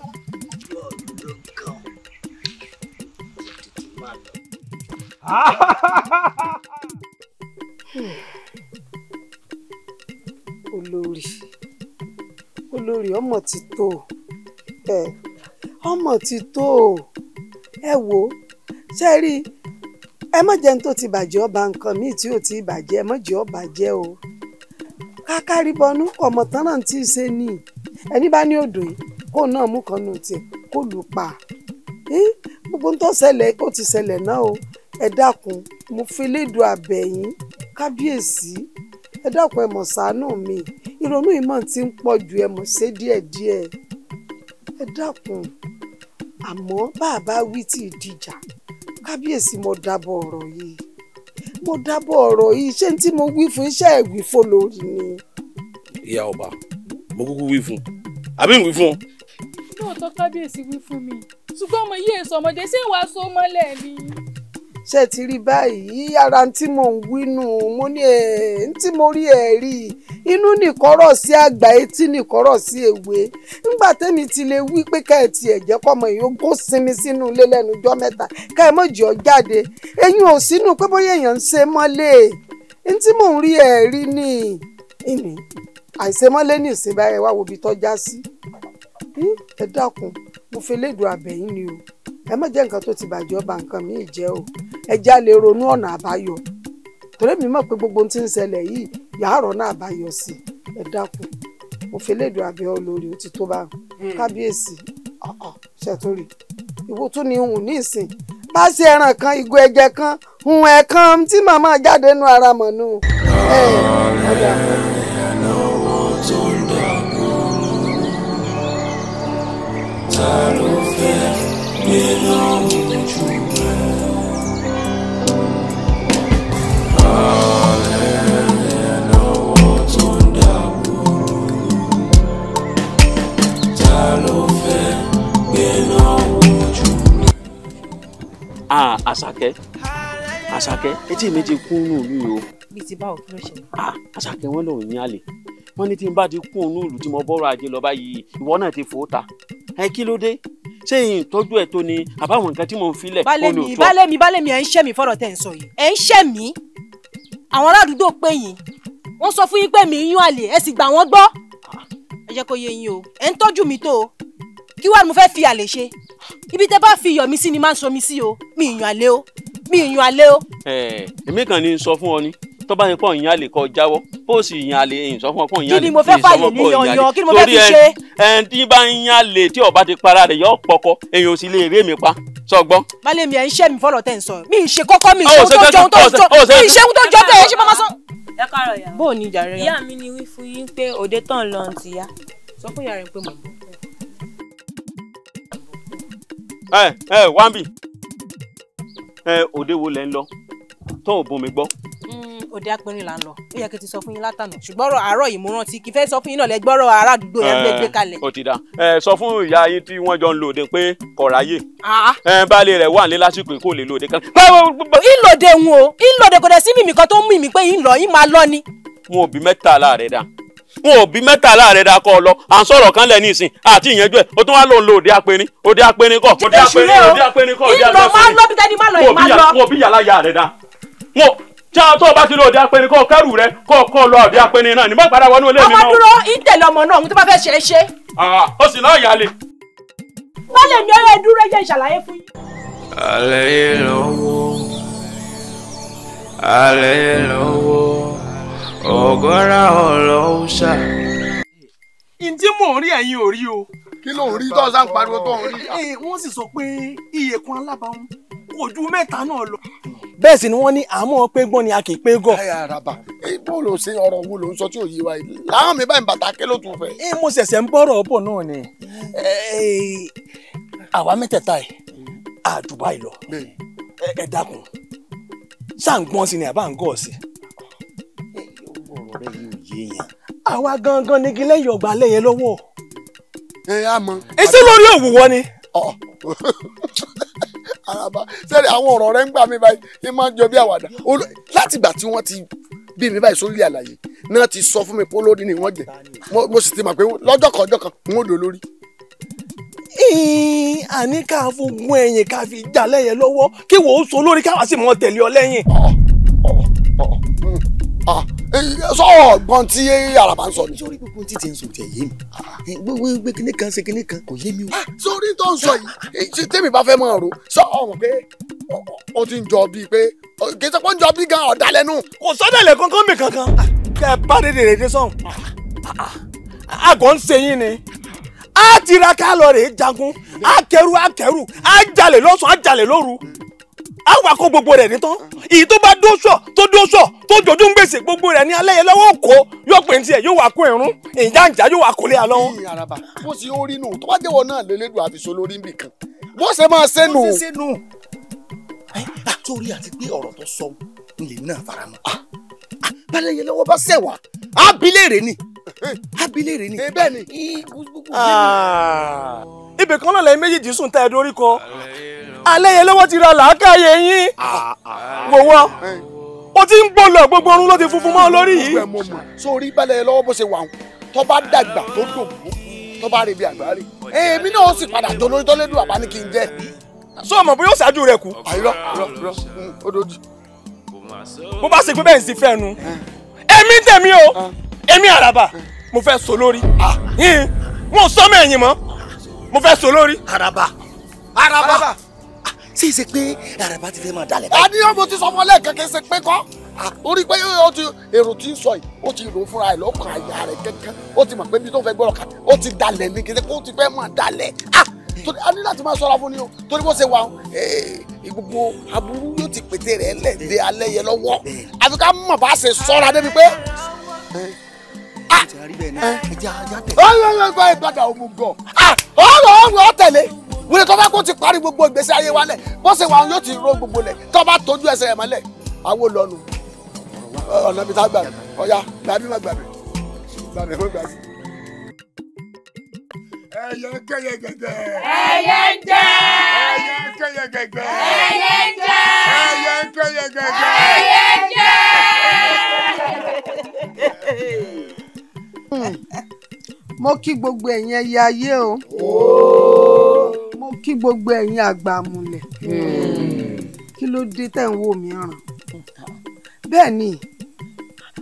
olórí olórí ọmọ ti tó ẹ ọmọ ti tó o ẹ wò ó ṣe rí ẹ má jẹun tó ti bàjẹ́ ọba nǹkan míì tí ò ti bàjẹ́ ẹ má jẹ́ ó bàjẹ́ o kákárí bọnú ọmọ tán náà tí ì ṣe ní ẹni bá ní odò yìí kó náà mú kan nù tiẹ̀ kó lù pa gbogbo tó ṣẹlẹ̀ ó ti ṣẹlẹ̀ náà o ẹ dákun mo fi lédu àbẹ̀yìn kábíyèsí ẹ dákun ẹ mọ̀ ṣàánú mi ìrònú ìmọ̀ ti ń pọ̀ ju ẹ mọ̀ ṣe díẹ̀díẹ̀ ẹ dákun àmọ́ bàbá wí tí ìdìjà kábíyèsí mo dábọ̀ ọ̀rọ̀ yìí mo dábọ̀ ọ̀rọ̀ yìí ṣé tí mo wí fún iṣẹ́ ẹ̀gbìn fò lórí ni. ìyá ọba mo kúkú wí fún àbí ń wí fún ọ. lóòótọ́ kábíyèsí wí fún mi ṣùgbọ́n ọmọ yìí èso ọmọdé ṣé ìwà so mọ́lẹ̀ ni ṣe ti rí báyìí ara tí mò ń wínú mo ní ẹ tí mo rí ẹ rí inú nìkọ́rọ̀ sí àgbà etí nìkọ́rọ̀ sí èwe ńgbà tẹ́mi ti lè wí pé ká ẹ̀ ti ẹ̀jẹ̀ kọ́mọ èyí ó sinmi sínú ilé lẹ́nu ọjọ́ mẹ́ta ká ẹ̀ mọ̀jì ọ jáde eyín ò sínú pé bóyá èèyàn ń ṣe mọ́lé ń tí mò ń rí ẹ̀ rí ni àìṣe mọ́lé ní ìsìn báyẹn wá wo ibi tọ́já sí ẹ dákun mo fi lédo àbẹ̀yìn ni o ẹ má jẹ́ nǹkan tó ti bàjẹ́ ọba nǹkan mi jẹ́ o ẹ já lè ronú ọ̀nà àbáyọ torí mi mọ̀ pé gbogbo ohun tí ń ṣẹlẹ̀ yìí yàárọ̀ náà àbáyọ sí ẹ dákun mo fi lédo àbẹ̀ olórí ó ti tó bá hmm. kábíyèsí ṣètòrí ìwo tún ni hùn ní ìsìn bá ṣe ẹran kan ìgò ẹ̀jẹ̀ kan hùn ẹ̀kan tí màmá jáde nú ara mọ̀ nù. ọ̀rẹ́ rẹ̀. ta ló fẹ́ gbé lọ́wọ́ ojú rẹ̀. Ah, àṣàkẹ́ àṣàkẹ́ etí mi ti kún nù lù o. bí ti bá òkú rẹ ṣe. àṣàkẹ́ wọn lòun ní àlè wọn ní tí n bá ti kún nù tí mo bọ́rọ̀ ajé lọ báyìí ìwọ náà ti fò ó ta ẹ kí ló dé ṣé ìyìn tọ́jú ẹ̀ tó ni àbáwọn nǹkan tí mò ń filẹ̀ olùtọ́. balẹ̀ mi balẹ̀ mi ẹ̀ ń ṣẹ́ mi fọ́rọ̀ tẹ̀ ń sọ yìí ẹ̀ ń ṣẹ́ mi àwọn ará àdúgbò pé yín wọ́n sọ fún yín pé mi ń yún àlè ẹ sì gbà wọ́n gbọ́ ẹ jẹ́ kó yé yín o ẹ̀ ń tọ́jú mi tó o kí wàá mo fẹ́ fi àlè ṣe ibi tẹ́ bá fi iyọ̀ mi sí ni máa ń sọ mi sí o mi ìyàn àlè o mi ìyàn àlè o. ẹ ẹ̀mí kan ni sọ fún ọ ni tó bá yẹn pọ̀ ìyẹn àlè kọ jáwọ́ póòsì ìyẹn àlè ìyẹn sọ fún ọ pọ̀ ìyẹn àlè ìyẹn sọ fún ọ pọ̀ ìyẹn àlè torí ẹ ẹ tí bá ń yàn lè tí ọba ti para rẹ yọ pọkọ èèyàn ò sì lè ré mi pa sọgbọ́n. balẹ̀ mi ẹ̀ ń ṣe mi fọlọ́ tẹ̀ ń sọ mi ì ṣe kọ́kọ́ mi ìṣe ohun tó jọ ohun tó jọ bẹ́ẹ̀ ṣe máa sán. ẹ káàárọ̀ yàrá bó o ní ìjà rẹ. ìyá mi ni wí fún yín pé òde tán lọ ti yá sọ fún yàrá pé mo. ẹ ẹ wambi ẹ òde wo lẹ ń lọ tó ò bùn mi gbọ́ òde apẹ̀rin là ń lọ ó yẹ kí n ti sọ fún yín látànà ṣùgbọ́n ọ̀rọ̀ àárọ̀ yìí mo rántí kí n fẹ́ sọ fún yín náà lẹ́gbọ́rọ̀ ará àdúgbò yẹn gbé eh, kalẹ̀. ó ti da sọ fún ìyá yín tí wọ́n jọ ń lòde pé kọ̀ráyè ah. baálé rẹ̀ wà ní lásìkò kó lè lòde kan. ìlòde ń o ìlòde kò dẹ̀ sí mímì kan tó ń mímì pé ìlọ yín máa lọ ni. wọn ò bí mẹ́tàlá rẹ̀ dà wọn ò bí mẹ́tàlá rẹ̀ dà kọ́ lọ à ń sọ̀rọ̀ kan lẹ̀ ní ìsìn àti ìyẹn jù ẹ̀ o tún wá lòun lo òde apẹ̀rin òde apẹ̀rin kọ́ òde apẹ̀rin kọ́ òde apẹ̀rin kọ́ òde apẹ̀rin kọ́ ìlọ máa lọ bí tẹ́ni má lọ yìí má lọ. wọn ò bí yàrá yà rẹ̀ dà wọn tí àwọn tó o bá ti lọ òde apẹni kọ kẹrù rẹ kọ kọ lọ òde apẹni náà ní mọ ìpadà wọnú ilé mi náà. àwọn dúró ìtẹ̀lẹ̀ ọmọ náà òun tó bá fẹ́ ṣe é ṣe. ó sì náà yálé. bọ́lẹ̀ mi ọ̀rẹ́ dúró jẹ́ ìṣàlàyé fún yín. alẹ́ yìí lọ́wọ́ alẹ́ yìí lọ́wọ́ ọ̀gọ́ra ọlọ́wọ́sà. ǹjẹ́ mò ń rí ẹ̀yin ò rí o. kí ló ń rí tó ọ̀sán pariwo tó ń rí. Eh, wọ́n sì sọ pé iyẹ̀kùn alábàáhùn kò ju mẹ́ta náà lọ bẹ́ẹ̀ sì ni wọ́n ní àmọ́ pé gbọ́n ni a kì í pé gọ̀. ẹ araba bóòlù ṣe ọ̀rọ̀ wo ló ń sọ tí ò yé wa yìí láwọn mi báyìí bàtà kí ló tún fẹ́. ẹ mo ṣẹ̀ṣẹ̀ ń bọ̀rọ̀ bọ̀ náà ni àwa mẹ́tẹ̀ẹ̀ta ẹ̀ àdùbà ìlọ ẹ dákun ṣàǹgbọ́n sí ni àbá ń gọ̀ sí. àwa gangan nigi lẹ́yìn ọgbà lẹ́yẹ lọ́wọ́. ẹ á mọ. èsì lórí òwúwọ́ ni. araba sẹ́ni àwọn ọ̀rọ̀ rẹ ń gbà mí báyìí ní máa jọ bí àwàdà láti ìgbà tí wọ́n ti bí mi báyìí sórí àlàyé náà ti sọ fún mi pé olórí ni wọ́n jẹ mo sì ti mọ̀ pé lọ́jọ́ kan ọjọ́ kan n lò lórí. àní ká fogun ẹ̀yìn ká fi jà lẹ́yìn lọ́wọ́ kí wò ó lórí káwa sì mọ tẹ̀lé ọ lẹ́yìn. Ah. Eh, sọ ọgbọ́n tí àràbà ń sọ ni. sórí gbogbo títí ń sọ tẹ yé mi gbogbo gbé kinní kan ṣe kinní kan kò yé mi o. Ah, sórí tó ń sọ yìí eh, ṣe tèmi bá fẹ́ mọ̀ ọ́rọ́ sọ ọ̀hún pé ó ti ń jọ bíi pé kì í ń jọ bíi gan ọ̀dàlẹ́nu. kò sọ́dẹ̀lẹ̀ kankan mi kankan ah. kẹ ẹ bá dédé rèé dé sọ̀hún. àgọ́ ń ṣe yín ni á tiraka lọ rèé jagun á kẹrù á kẹrù á jalè lọ́sàn á lóru á wà kó gbogbo rẹ̀ nítán èyí tó bá dóṣọ̀ tó dóṣọ̀ tó jòjú ń gbèsè gbogbo rẹ̀ ní alẹ́ yẹn lọ́wọ́ kó yóò pè ní tiẹ̀ yóò wà kó ẹ̀rún ìjànjà yóò wà kó lé alọ́. ìyàrá bó ti orí nù tó bá jẹ́wọ́ náà lélẹ́dùn àfiṣọ́ lórí nbìkan bó ṣe máa ṣe nù. bó ṣe ṣe nù. àtòrí àti pé ọ̀rọ̀ tó sọ lèmi náà fara mọ́. Ah, ah, balẹ̀ yẹn lọ́wọ́ bá ṣẹ̀wá abilére ni abilére ni. ẹ bẹ́ẹ̀ ni. Ah, ibì kan náà lẹ́yìn méjèèjì sùn tá ẹ dórí kọ. Aléyẹlé ti ra làákàyè yín wò wọ́n o ti ń bọ̀ gbogbo orun ló ti funfun mọ́ lórí yìí. sórí balẹ̀ lọ́wọ́ bó ṣe wà ń tó bá dàgbà tó dògbò tó bá rèébi àgbà rè èmi náà sì padà tó lórí tọ́lẹ́dù àbá ní kí n jẹ́. sọ ọmọ bóyá ó ṣáájú rẹ kú. àìrọ àìrọ àìrọ ó dojú. bó bá ṣe pé bẹ́ẹ̀ ń sì fẹ́ nu èmi tèmi o èmi àràbà mo fẹ́ so lórí wọn ò sọ́mọ ẹ̀yìn mọ́ mo fẹ́ so lórí. àràbà àràbà tí ì ṣe pé àràbà ti fẹ́ máa dalẹ̀. a ní ọmọ tí sọmọ lẹ́ẹ̀kan kì í ṣe pé kọ́ orí pé ó ti èrò tí ń sọ yìí ó ti rò fúnra ẹ̀ lọ́kàn àyà rẹ̀ kankan ó ti mọ̀ pé ibi tó fẹ́ gbọ́dọ̀ kà ó ti dalẹ̀ ní kí ó ti fẹ́ máa dalẹ̀ a ní láti máa sọ́ra fún ni o torí bó ṣe wà eh, gbogbo aburú yóò ti pété rẹ̀ lẹ́ẹ̀dẹ́ alẹ́ yẹn lọ́wọ́ àfi ká mọ̀ bá ṣe sọ́ra débi pé eh, eh, ah, ọ̀rọ̀ ọ̀rọ̀ tẹ̀lé wíwẹ́ tó bá kó ti parí gbogbo ìgbésí ayé wa lẹ̀ bó ṣe wà wọn yóò ti ró gbogbo lẹ̀ tó bá tójú ẹsẹ̀ ẹ̀ mọ́lẹ̀ àwo lọ́nu ọ̀nà mi ta gbà mí ọ̀ya làbí má gbà mí gbà mí fún gbà mí. ẹyẹ ń kẹyẹ gẹgẹ. ẹyẹ ń jẹ. ẹyẹ ń kẹyẹ gẹgẹ. ẹyẹ ń jẹ. ẹyẹ ń kẹyẹ gẹgẹ. mo kí gbogbo ẹ̀yin ẹyẹ ayé o mo kí gbogbo ẹ̀yin àgbàmúlẹ̀ kí ló dé tẹ̀ ń wò mí ràn bẹ́ẹ̀ ni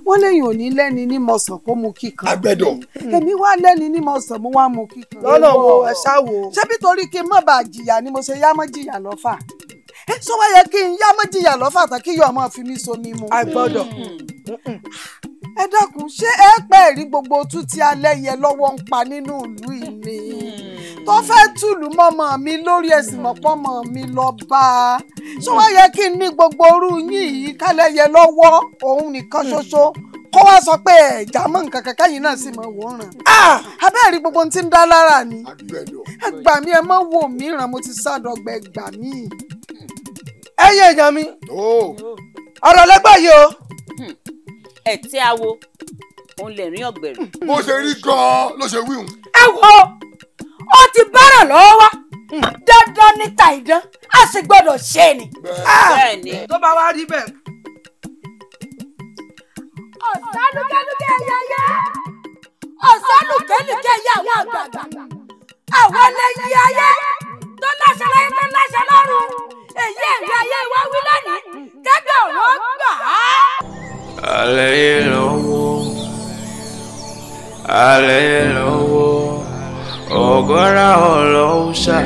wọ́n léyìn òní lẹ́ni ní mọ̀sán kó mu kíkan. àgbẹ̀dọ̀. èmi wá lẹ́ni ní mọ̀sán mo wá mu kíkan. lọ́nà wo ẹ ṣá wo. ṣé nítorí kí n má bàa jìyà ni mo ṣe yá mọ́ jìyà lọ́fà. ẹ sọ wá yẹ kí n yá mọ́ jìyà lọ́fà tán kí máa fi mí so mi àgbọ̀dọ̀ ẹ dákun ṣé ẹ pẹ́ rí gbogbo otú tí alẹ́ yẹn lọ́wọ́ ń pa nínú ìlú ìní hmm. tó fẹ́ tùlù mọ́mọ́ mi lórí ẹ̀sìn mọ́pọ́mọ́ mi lọ bá a ṣé wọ́n yẹ kí n ní gbogbo orú yín yìí kálẹ̀ yẹ lọ́wọ́ òun nìkan hmm. ṣoṣo kó wá sọ pé ẹ̀já mọ̀ nǹkan kankan yìí náà sì mọ̀ wò abẹ́rẹ́ gbogbo ohun tí ń dá lára ni ẹgbà mi ẹ mọ̀ wò mí ràn mo ti sádọ́gbẹ́ ẹgbà mi. ẹ̀yin èèyàn mi oh. ọ̀rọ̀ lẹ́gbẹ̀ẹ́ yìí o hmm ẹ̀ tí a wo òun lè rí ọ̀gbẹ̀rì. bó ṣe rí gan-an ló ṣe wíhùn. ẹ wo ó ti bára lọ́wọ́ wá hmm. dandan ní tàìdán a sì gbọ́dọ̀ ṣe ni. Ah. bẹ́ẹ̀ni tó bá wá rí bẹ́ẹ̀. ọ̀sánukẹ́nukẹ́ yẹyẹ ọ̀sánukẹ́nukẹ́ yẹ àwọn àgbààgbà àwọn ẹlẹ́yìn ayé tó láṣẹ láyé tó láṣẹ lọ́rùn èyí ẹ̀rí ayé wa wí lónìí kẹ́gbẹ́ ọ̀rọ̀ gbà á alẹ́ yìí lọ́wọ́ alẹ́ yìí lọ́wọ́ ọ̀gọ́ra ọlọ́wọ́sà.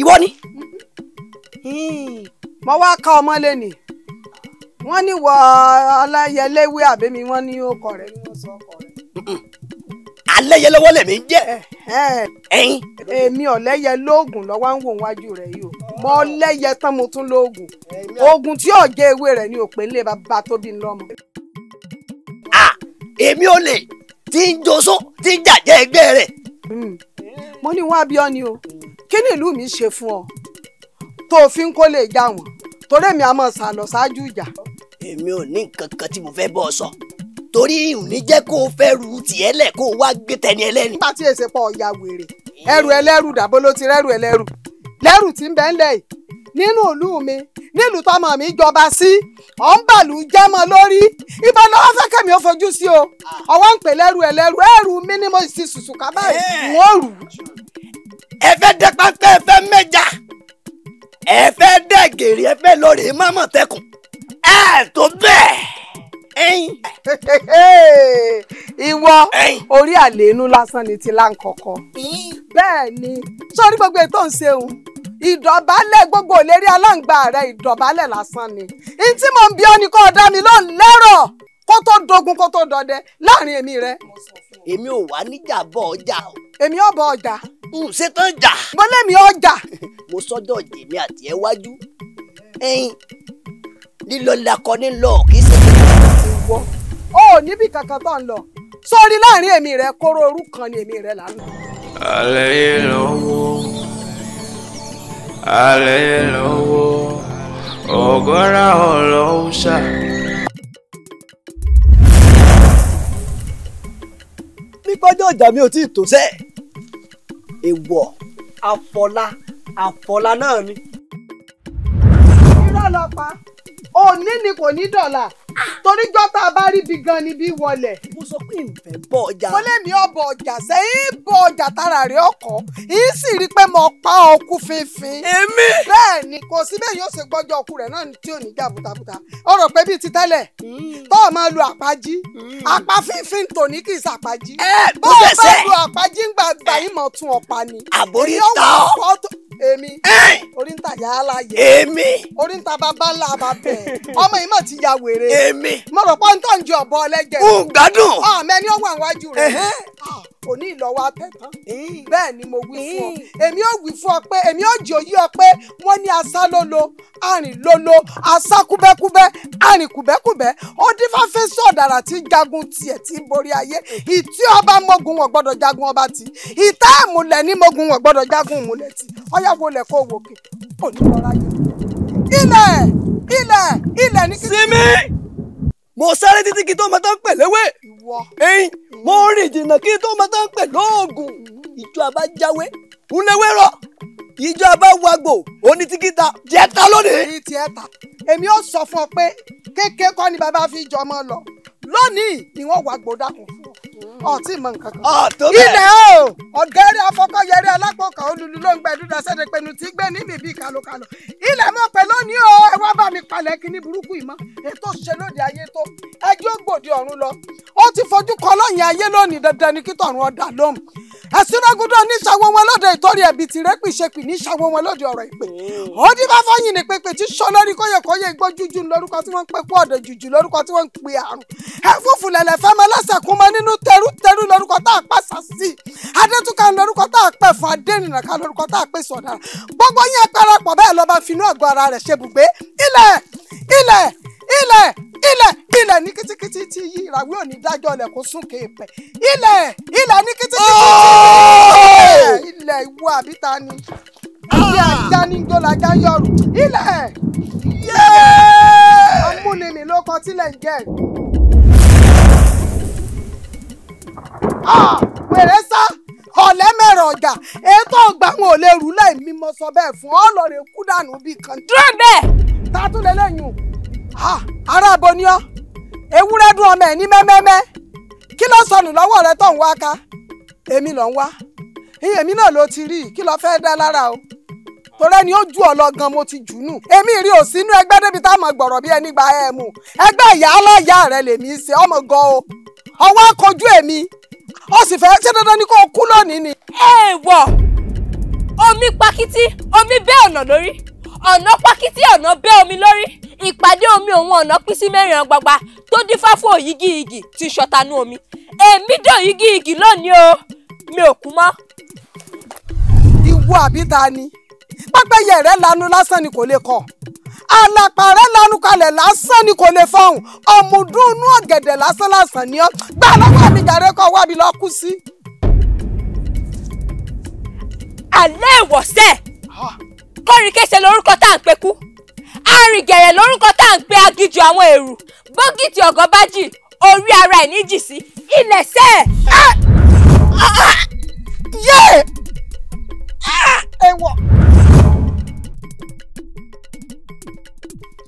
ìwọ ni hmm, mo wá ká ọmọ lẹ́nìí wọ́n ní wọ aláyẹléwé àbẹ́mi wọ́n ní ó kọ̀ rẹ̀ ni wọ́n sọ ọkọ̀ rẹ̀. aláyẹlẹwọ́ lèmi ń jẹ́. ẹyin. èmi ọ̀lẹ́yẹ lóògùn lọ́wọ́ ń wò wájú rẹ̀ yìí o mo lẹ́yẹ tán mo tún lóògùn oògùn tí yóò jẹ́ ewé rẹ̀ ni òpè ńlẹ̀ bàbá tóbi ńlọ́mọ. èmi ò lè tí ń josó tí ń jàjẹ́ ẹgbẹ́ rẹ̀. Hmm. mo ní wọn abíọ́ ni o kí ni ìlú mi ṣe fún ọ tó o fi ń kó lè já wọn torí èmi àmọ́ sàlọ̀ ṣáájú ìjà èmi ò ní nǹkan kan tí mo fẹ́ bọ́ ọ sọ torí ìhùnì jẹ́ kó o fẹ́ ru tiẹ̀ lẹ̀ kó o wá gbé tẹni ẹlẹ́ni. nígbà tí èsè pọ̀ ya wèrè ẹrù ẹlẹ́rù dàbó ló ti rẹ́rù ẹlẹ́rù lẹ́rù tí ń bẹ́ lẹ̀ yìí nínú ìlú mi nílùú tọmọ mi jọba sí ọ̀ ń bàlù jẹ́mọ lórí ibà lọ́wọ́ fẹ́ kẹ́mi ó fojú sí o ọwọ́ ń pè lẹ́rù ẹlẹ́rù ẹ̀rù mi ni mo ti sùsù ká báyìí wọ́n rù. ẹ fẹ́ dẹ pápẹ́ ẹ fẹ́ mẹ́ja ẹ fẹ́ dẹ gèrè ẹ fẹ́ lórí mọ́mọ́tẹ́kùn ẹ tó bẹ́ẹ̀. ìwọ orí àléénú lásán ni ti láǹkọ̀kọ̀ bẹ́ẹ̀ ni sọ́rí gbogbo ètò ń ṣeun ìdọ̀bálẹ̀ gbogbo ìlérí aláǹgbá rẹ ìdọ̀bálẹ̀ lásán ni n tí mò ń bí ọ ni kò dá mi lóhùn lẹ́rọ̀ kó tó dogun kó tó dọdẹ láàrin èmi rẹ. èmi ò wá níjà bọ̀ ọjà o. èmi ò bọ̀ ọjà. n ṣe tán jà. mo lé mi ọjà. mo sọjọ́ jèmi àti ẹ wájú lílọ lakọ nílọ kì í ṣe kí wọ́. ó níbi kankan tó ń lọ sórí láàrin èmi rẹ kóró orú ni èmi rẹ là alẹ́ yìí alẹ́ yìí lọ́wọ́ ọlọ́wọ́sà. pípọ́jọ́ ọjà mi ò tí ì tó sẹ́ èèwọ̀ àfọlá àfọlá náà ni. irọ́ lọ pa òní ni kò ní dọ̀là ah. torí jọ́ta bá rí bi gan ni bí wọlẹ̀. mo sọ pé ìfẹ́ bọ ọjà. mo lé mi ọbọ ọjà sẹ́yìn bọ ọjà tára rẹ̀ ọkọ̀ yìí sì rí i pé mo pa ọkú fínfín. èmi. bẹ́ẹ̀ ni kò sí bẹ́ẹ̀ yóò ṣe gbọ́jọ́ ọkú rẹ̀ náà tí ò ní jà bùtàbùtà ọ̀rọ̀ pé bíi ti tẹ́lẹ̀ hmm. tó o máa lu àpájí hmm. àpá fínfín tòní kì í ṣàpájí. ẹ eh, bó o bá lu àpájí ń gbàgbà yín mọ̀ tún ọ̀pá ni. àbórí tán èmi orí ń ta yàrá yẹ èmi orí ń ta bàbá ńlá bàbẹ ọmọ yìí mà ti ya wèrè èmi mo rò pé ń tàn ju ọ̀bọ ọlẹ́jẹ̀ ń gbádùn ọmọ ẹni ó wà wájú rẹ̀ kò ní ìlọ́wọ́ apẹ́tàn bẹ́ẹ̀ ni mo wí fún ọ èmi ò wí fún ọ pé èmi ò jẹ́ òyí ọ pé wọ́n ní asálólo arìnlólo asákúbẹ́kúbẹ́ arìnkùbẹ́kùbẹ́ ó dífá fẹ́sọ̀ ọ̀dàrà tí jagun tiẹ̀ tí borí ayé ìtí ọba mọ́gun wọn gbọ́dọ̀ jagun ọba tì ìtẹ́ ìmùlẹ̀ ní mọ́gun wọn gbọ́dọ̀ jagun ìmùlẹ̀ tì ọ̀y bóyá wo lẹ̀ kó wòkè òní lọ́ra yẹn. ilẹ̀ ilẹ̀ ilẹ̀ ní kí. sinmi mo sáré títí kí tó máa tán pẹ̀ léwé ẹyin mo rìn jìnnà kí tó máa tán pẹ̀ lóògùn ìjọ àbájáwé ńlẹwẹrọ ìjọ àbáwagbo òní tíkítà jẹta lónìí. ní ti ẹ̀ta èmi ó sọ fún ọ pé kékeré kọ́ ni bàbá fi jọmọ lọ lónìí ni wọ́n wàgbó dákun ọtí mọ nǹkan kan. Ah, ilẹ̀ o ọ̀gẹ́rẹ́ afọkọ́yẹrẹ́ alápọ̀kọ̀ olùlú ló ń gbẹ dúdà sẹ́dẹ̀ pẹ̀lú tí gbé ní bìbí kàlókàló. ilẹ̀ mọ̀ pẹ̀ lónìí o ẹ wá bá mi palẹ̀ kíní burúkú yìí mọ́ ètò ṣe lóde ayé tó ẹjọ́ gbòde ọ̀run lọ. ó ti fojú kọ lọ́yìn ayé lónìí dandan ni kíntàn ọ̀run ọ̀dà lóhùn. àsínágúndọ̀ ní ṣàwọn wọn lóde ìtọ́rí ẹ̀bí ti rẹ́pì ṣe pì ní ṣàwọn wọn lóde ọ̀rọ̀ ìpè. Mm. ó ní bá fọyín ní pépè tí sọ lórí kóyèkóyè igbó jújú lórúkọ tí wọ́n ń pẹ́ pọ́ ọ̀dọ̀ jùjù lórúkọ tí wọ́n Awútẹ́lú lórúkọ tá a pẹ́ sàṣì Adétúkà lórúkọ tá a pẹ́ fún Adénìrànká lórúkọ tá a pẹ́ sọ̀dà gbogbo yín parapọ̀ bẹ́ẹ̀ lọ́ba finú àgọ́ ara rẹ̀ ṣe bùgbé ilẹ̀ ilẹ̀ ilẹ̀ ilẹ̀ ilẹ̀ kitikiti ti yí ìràwé òní dájọ́ ilẹ̀ kó sún kéèpẹ̀ ilẹ̀ ilẹ̀ ní kitikiti ti yí ilẹ̀ ìwọ àbíta ni ni ilẹ̀ yéé ló kọ wèrè sá ọ̀lẹ́ mẹ́rin ọ̀jà ètò ọgbà wọn ò lè rú sọ bẹ́ẹ̀ fún ọ lọ́ọ̀rẹ́ kú dànù kan. dúró bẹ́ẹ̀. ta tún lè lẹ́yìn o ọmọ ẹ̀ ní mẹ́mẹ́mẹ́ kí ló sọnù lọ́wọ́ rẹ tó ń ká èmi ń wá mi náà ló ti rí kí fẹ́ dá lára o torẹ́ ni ó ju gan mo ti jù nù èmi rí ò sínú ẹgbẹ́ débi tá ẹni gba ẹ̀ mú ẹgbẹ́ ọwọ́ akọjú èmi ó sì fẹ́ ṣe dandan ni kó o kú lónìí ni. ẹ wọ omi pakiti omi bẹ́ ọ̀nà lórí ọ̀nà pakiti ọ̀nà bẹ́ omi lórí ìpàdé omi òun ọ̀nà pín sí mẹ́rin ọgbagba tó dífá fún òyigiyigi tí ṣọtanú omi èmi dé òyigiyigi lónìí o mi ò kú mọ́. ìwọ àbí ta ni pápẹ́yẹ rẹ̀ lanu lásán ni kò lè kọ́ alàpàrẹ́ lanu kalẹ̀ lásán ni kò lè fọhùn ọ̀mùdúnú ọ̀gẹ̀dẹ̀ lásán lásán ni ọ́ gbà lọ́wọ́ mi jàre kọ́ wábi lọ kú sí. alẹ́ ìwọ̀sẹ̀ kọ́rìnkẹ́sẹ̀ lórúkọ tá à ń pe kú arìngẹ̀rẹ̀ lórúkọ tá à ń pe agijù àwọn èrù bọ́gìtì ọ̀gọ́ bá jì orí ara ẹ̀ ní jì sí ilẹ̀ sẹ́ẹ̀. yéè ẹ̀wọ̀.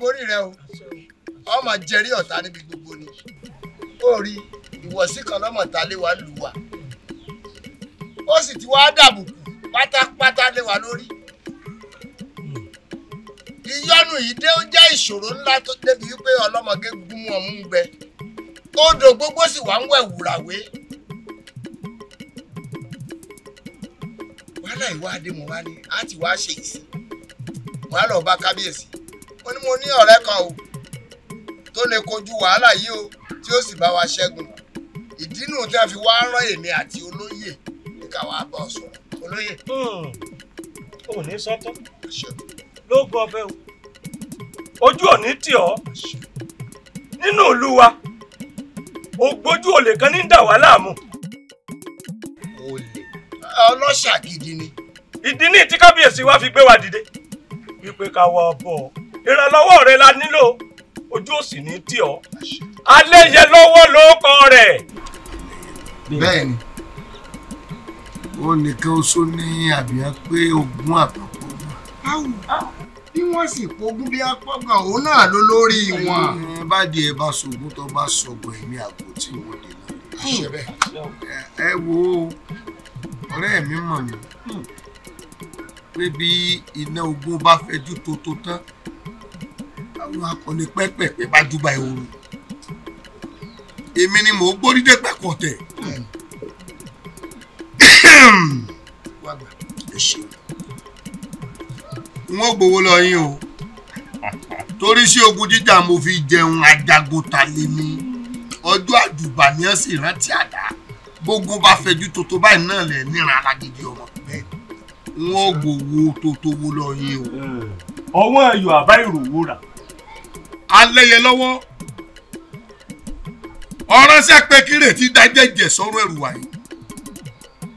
borí rẹ o ọmọ jẹrí ọta níbi gbogbo ni ó rí ìwọ̀sí kan lọmọ ta lé wa lù wá ó sì ti wá dàbùkù pátápátá lé wa lórí ìyọnu yìí ó ìṣòro ńlá tó débi wípé gún ọmú ń gbẹ odò gbogbo sì wà ń mo ní mo ní ọ̀rẹ́ kan o tó lè kojú wàhálà yìí o tí ó sì bá wa ṣẹ́gun ìdí nù tí a fi wá rán èmi àti olóyè ní káwa bọ̀ sọ̀rọ̀ olóyè. ò hmm. ní sọ́tún ló gbọ́ bẹ́ẹ̀ o ojú ò tì ọ́ nínú ìlú wa ògbójú olè kan ní dà láàmú. olè ọlọ́ṣà gidi ni. ìdí ní tí kábíyèsí wa fi gbé wa dìde wípé ká wá bọ̀ ọ́ ìrànlọ́wọ́ rẹ la nílò ojú ò sì ní tì ọ́ alẹ́ yẹ lọ́wọ́ ló kọ rẹ̀. bẹ́ẹ̀ni ó nìkan oṣó ní àbíyàn pé ogún àpapọ̀ wà. Ah. bí wọ́n sì pogún bí apọ́gà òun náà ló lórí wọn. báàdì ẹ bá sọgún tó bá sọgbọn ẹ̀mí àgbo tí wọ́n dé náà ẹ wo ọ̀rẹ́ mi mọ̀ mí pé bí iná ogún bá fẹjú tó tó tán àwọn akọni pẹ́pẹ̀pẹ́ bá júbà ìhòòrò èmi ni mò ń gbórí dé pẹ̀kọ̀ tẹ̀. wọ́n gbowó lọ yín o torí sí ogun jíjà mo fi jẹun ajagun ta lèmi ọjọ́ àjùbà ni ẹ sì rántí àdá bógun bá fẹjú tótó báyìí náà lẹ̀ níran alágídí ọmọ bẹ́ẹ̀ wọ́n gbowó tótó wó lọ yín o. ọwọ́ ẹ̀yọ̀ àbá ìròwó alẹ́yẹ lọ́wọ́ ọ̀ránṣẹ́ pé kírè ti dájẹ́jẹ́ sọ̀rọ̀ ẹ̀rù wáyé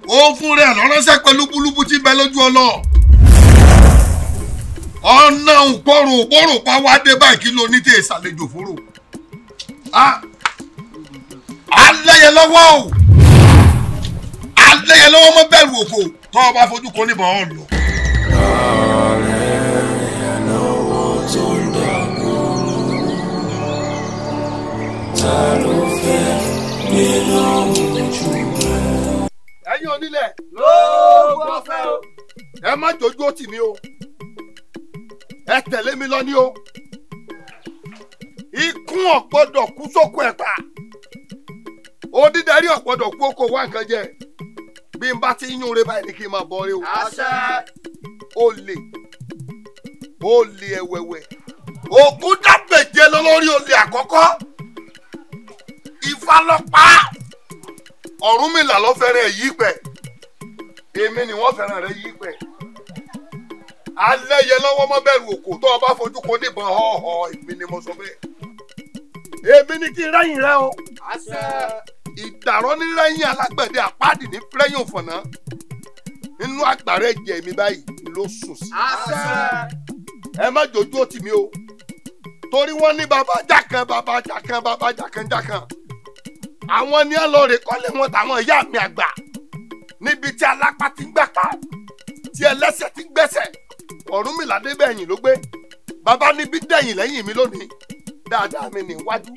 ó fún rẹ̀ lọ́ránṣẹ́ pé lúbúlúbú ti bẹ lójú ọlọ́ ọ̀nà òpórò òpórò pa wá dé báyìí kí ló ní tẹ̀ ṣàlejò fóró alẹ́yẹ lọ́wọ́ o alẹ́yẹ lọ́wọ́ mọ́ bẹ̀rù òfò tọ́ ọ bá fojú kan níbọn ọ̀n lọ. ta ló fẹ́ nínú ojú rẹ̀. ẹ̀yin onílẹ̀ ló gbọ́ fẹ́ o. ẹ má jojú ó tì mí o ẹ tẹ̀lé mi lọ ní o ikún ọ̀gbọ́dọ̀ kú sóko ẹ̀pà onídàárí ọ̀gbọ́dọ̀ kú oko wá nǹkan jẹ bí n bá ti ń yún re báyìí ni kí n máa bọ̀ rí o. àṣẹ. olè olè ẹ̀wẹ̀wẹ̀ ògùn dàgbèje lọ lórí olè àkọ́kọ́ ifá ló pa á ọ̀rúnmìlà ló fẹ́ràn ẹ̀ yí pẹ̀ èmi ni wọ́n fẹ́ràn rẹ̀ yí pẹ̀ alẹ́ lọ́wọ́ mọ́ bẹ̀rù òkò tó o bá fojú ko níbọn họ́ọ̀họ́ èmi ni mo sọ bẹ́ẹ̀. èmi ni kí rẹ́yìn rẹ o. ìdàrọ́ ní rẹ́yìn alágbẹ̀dẹ àpáàdì ní rẹ́yìn òfònà nínú àgbàrẹ́ ẹ̀jẹ̀ mi báyìí ló sùn sí. ẹ má jòjú ó tì mí o torí wọ́n ní baba jákan baba jákan baba jákan. jákan àwọn ni wọn lọ rè kọ́lé wọn tàwọn ìyá mi àgbà níbi tí alápá ti gbà ká tí ẹlẹ́sẹ̀ ti gbẹ́sẹ̀ Ọ̀rúnmìlà débẹ̀yìn ló gbé bàbá níbi dẹ̀yìn lẹ́yìn mi lónìí dáadáa mi níwájú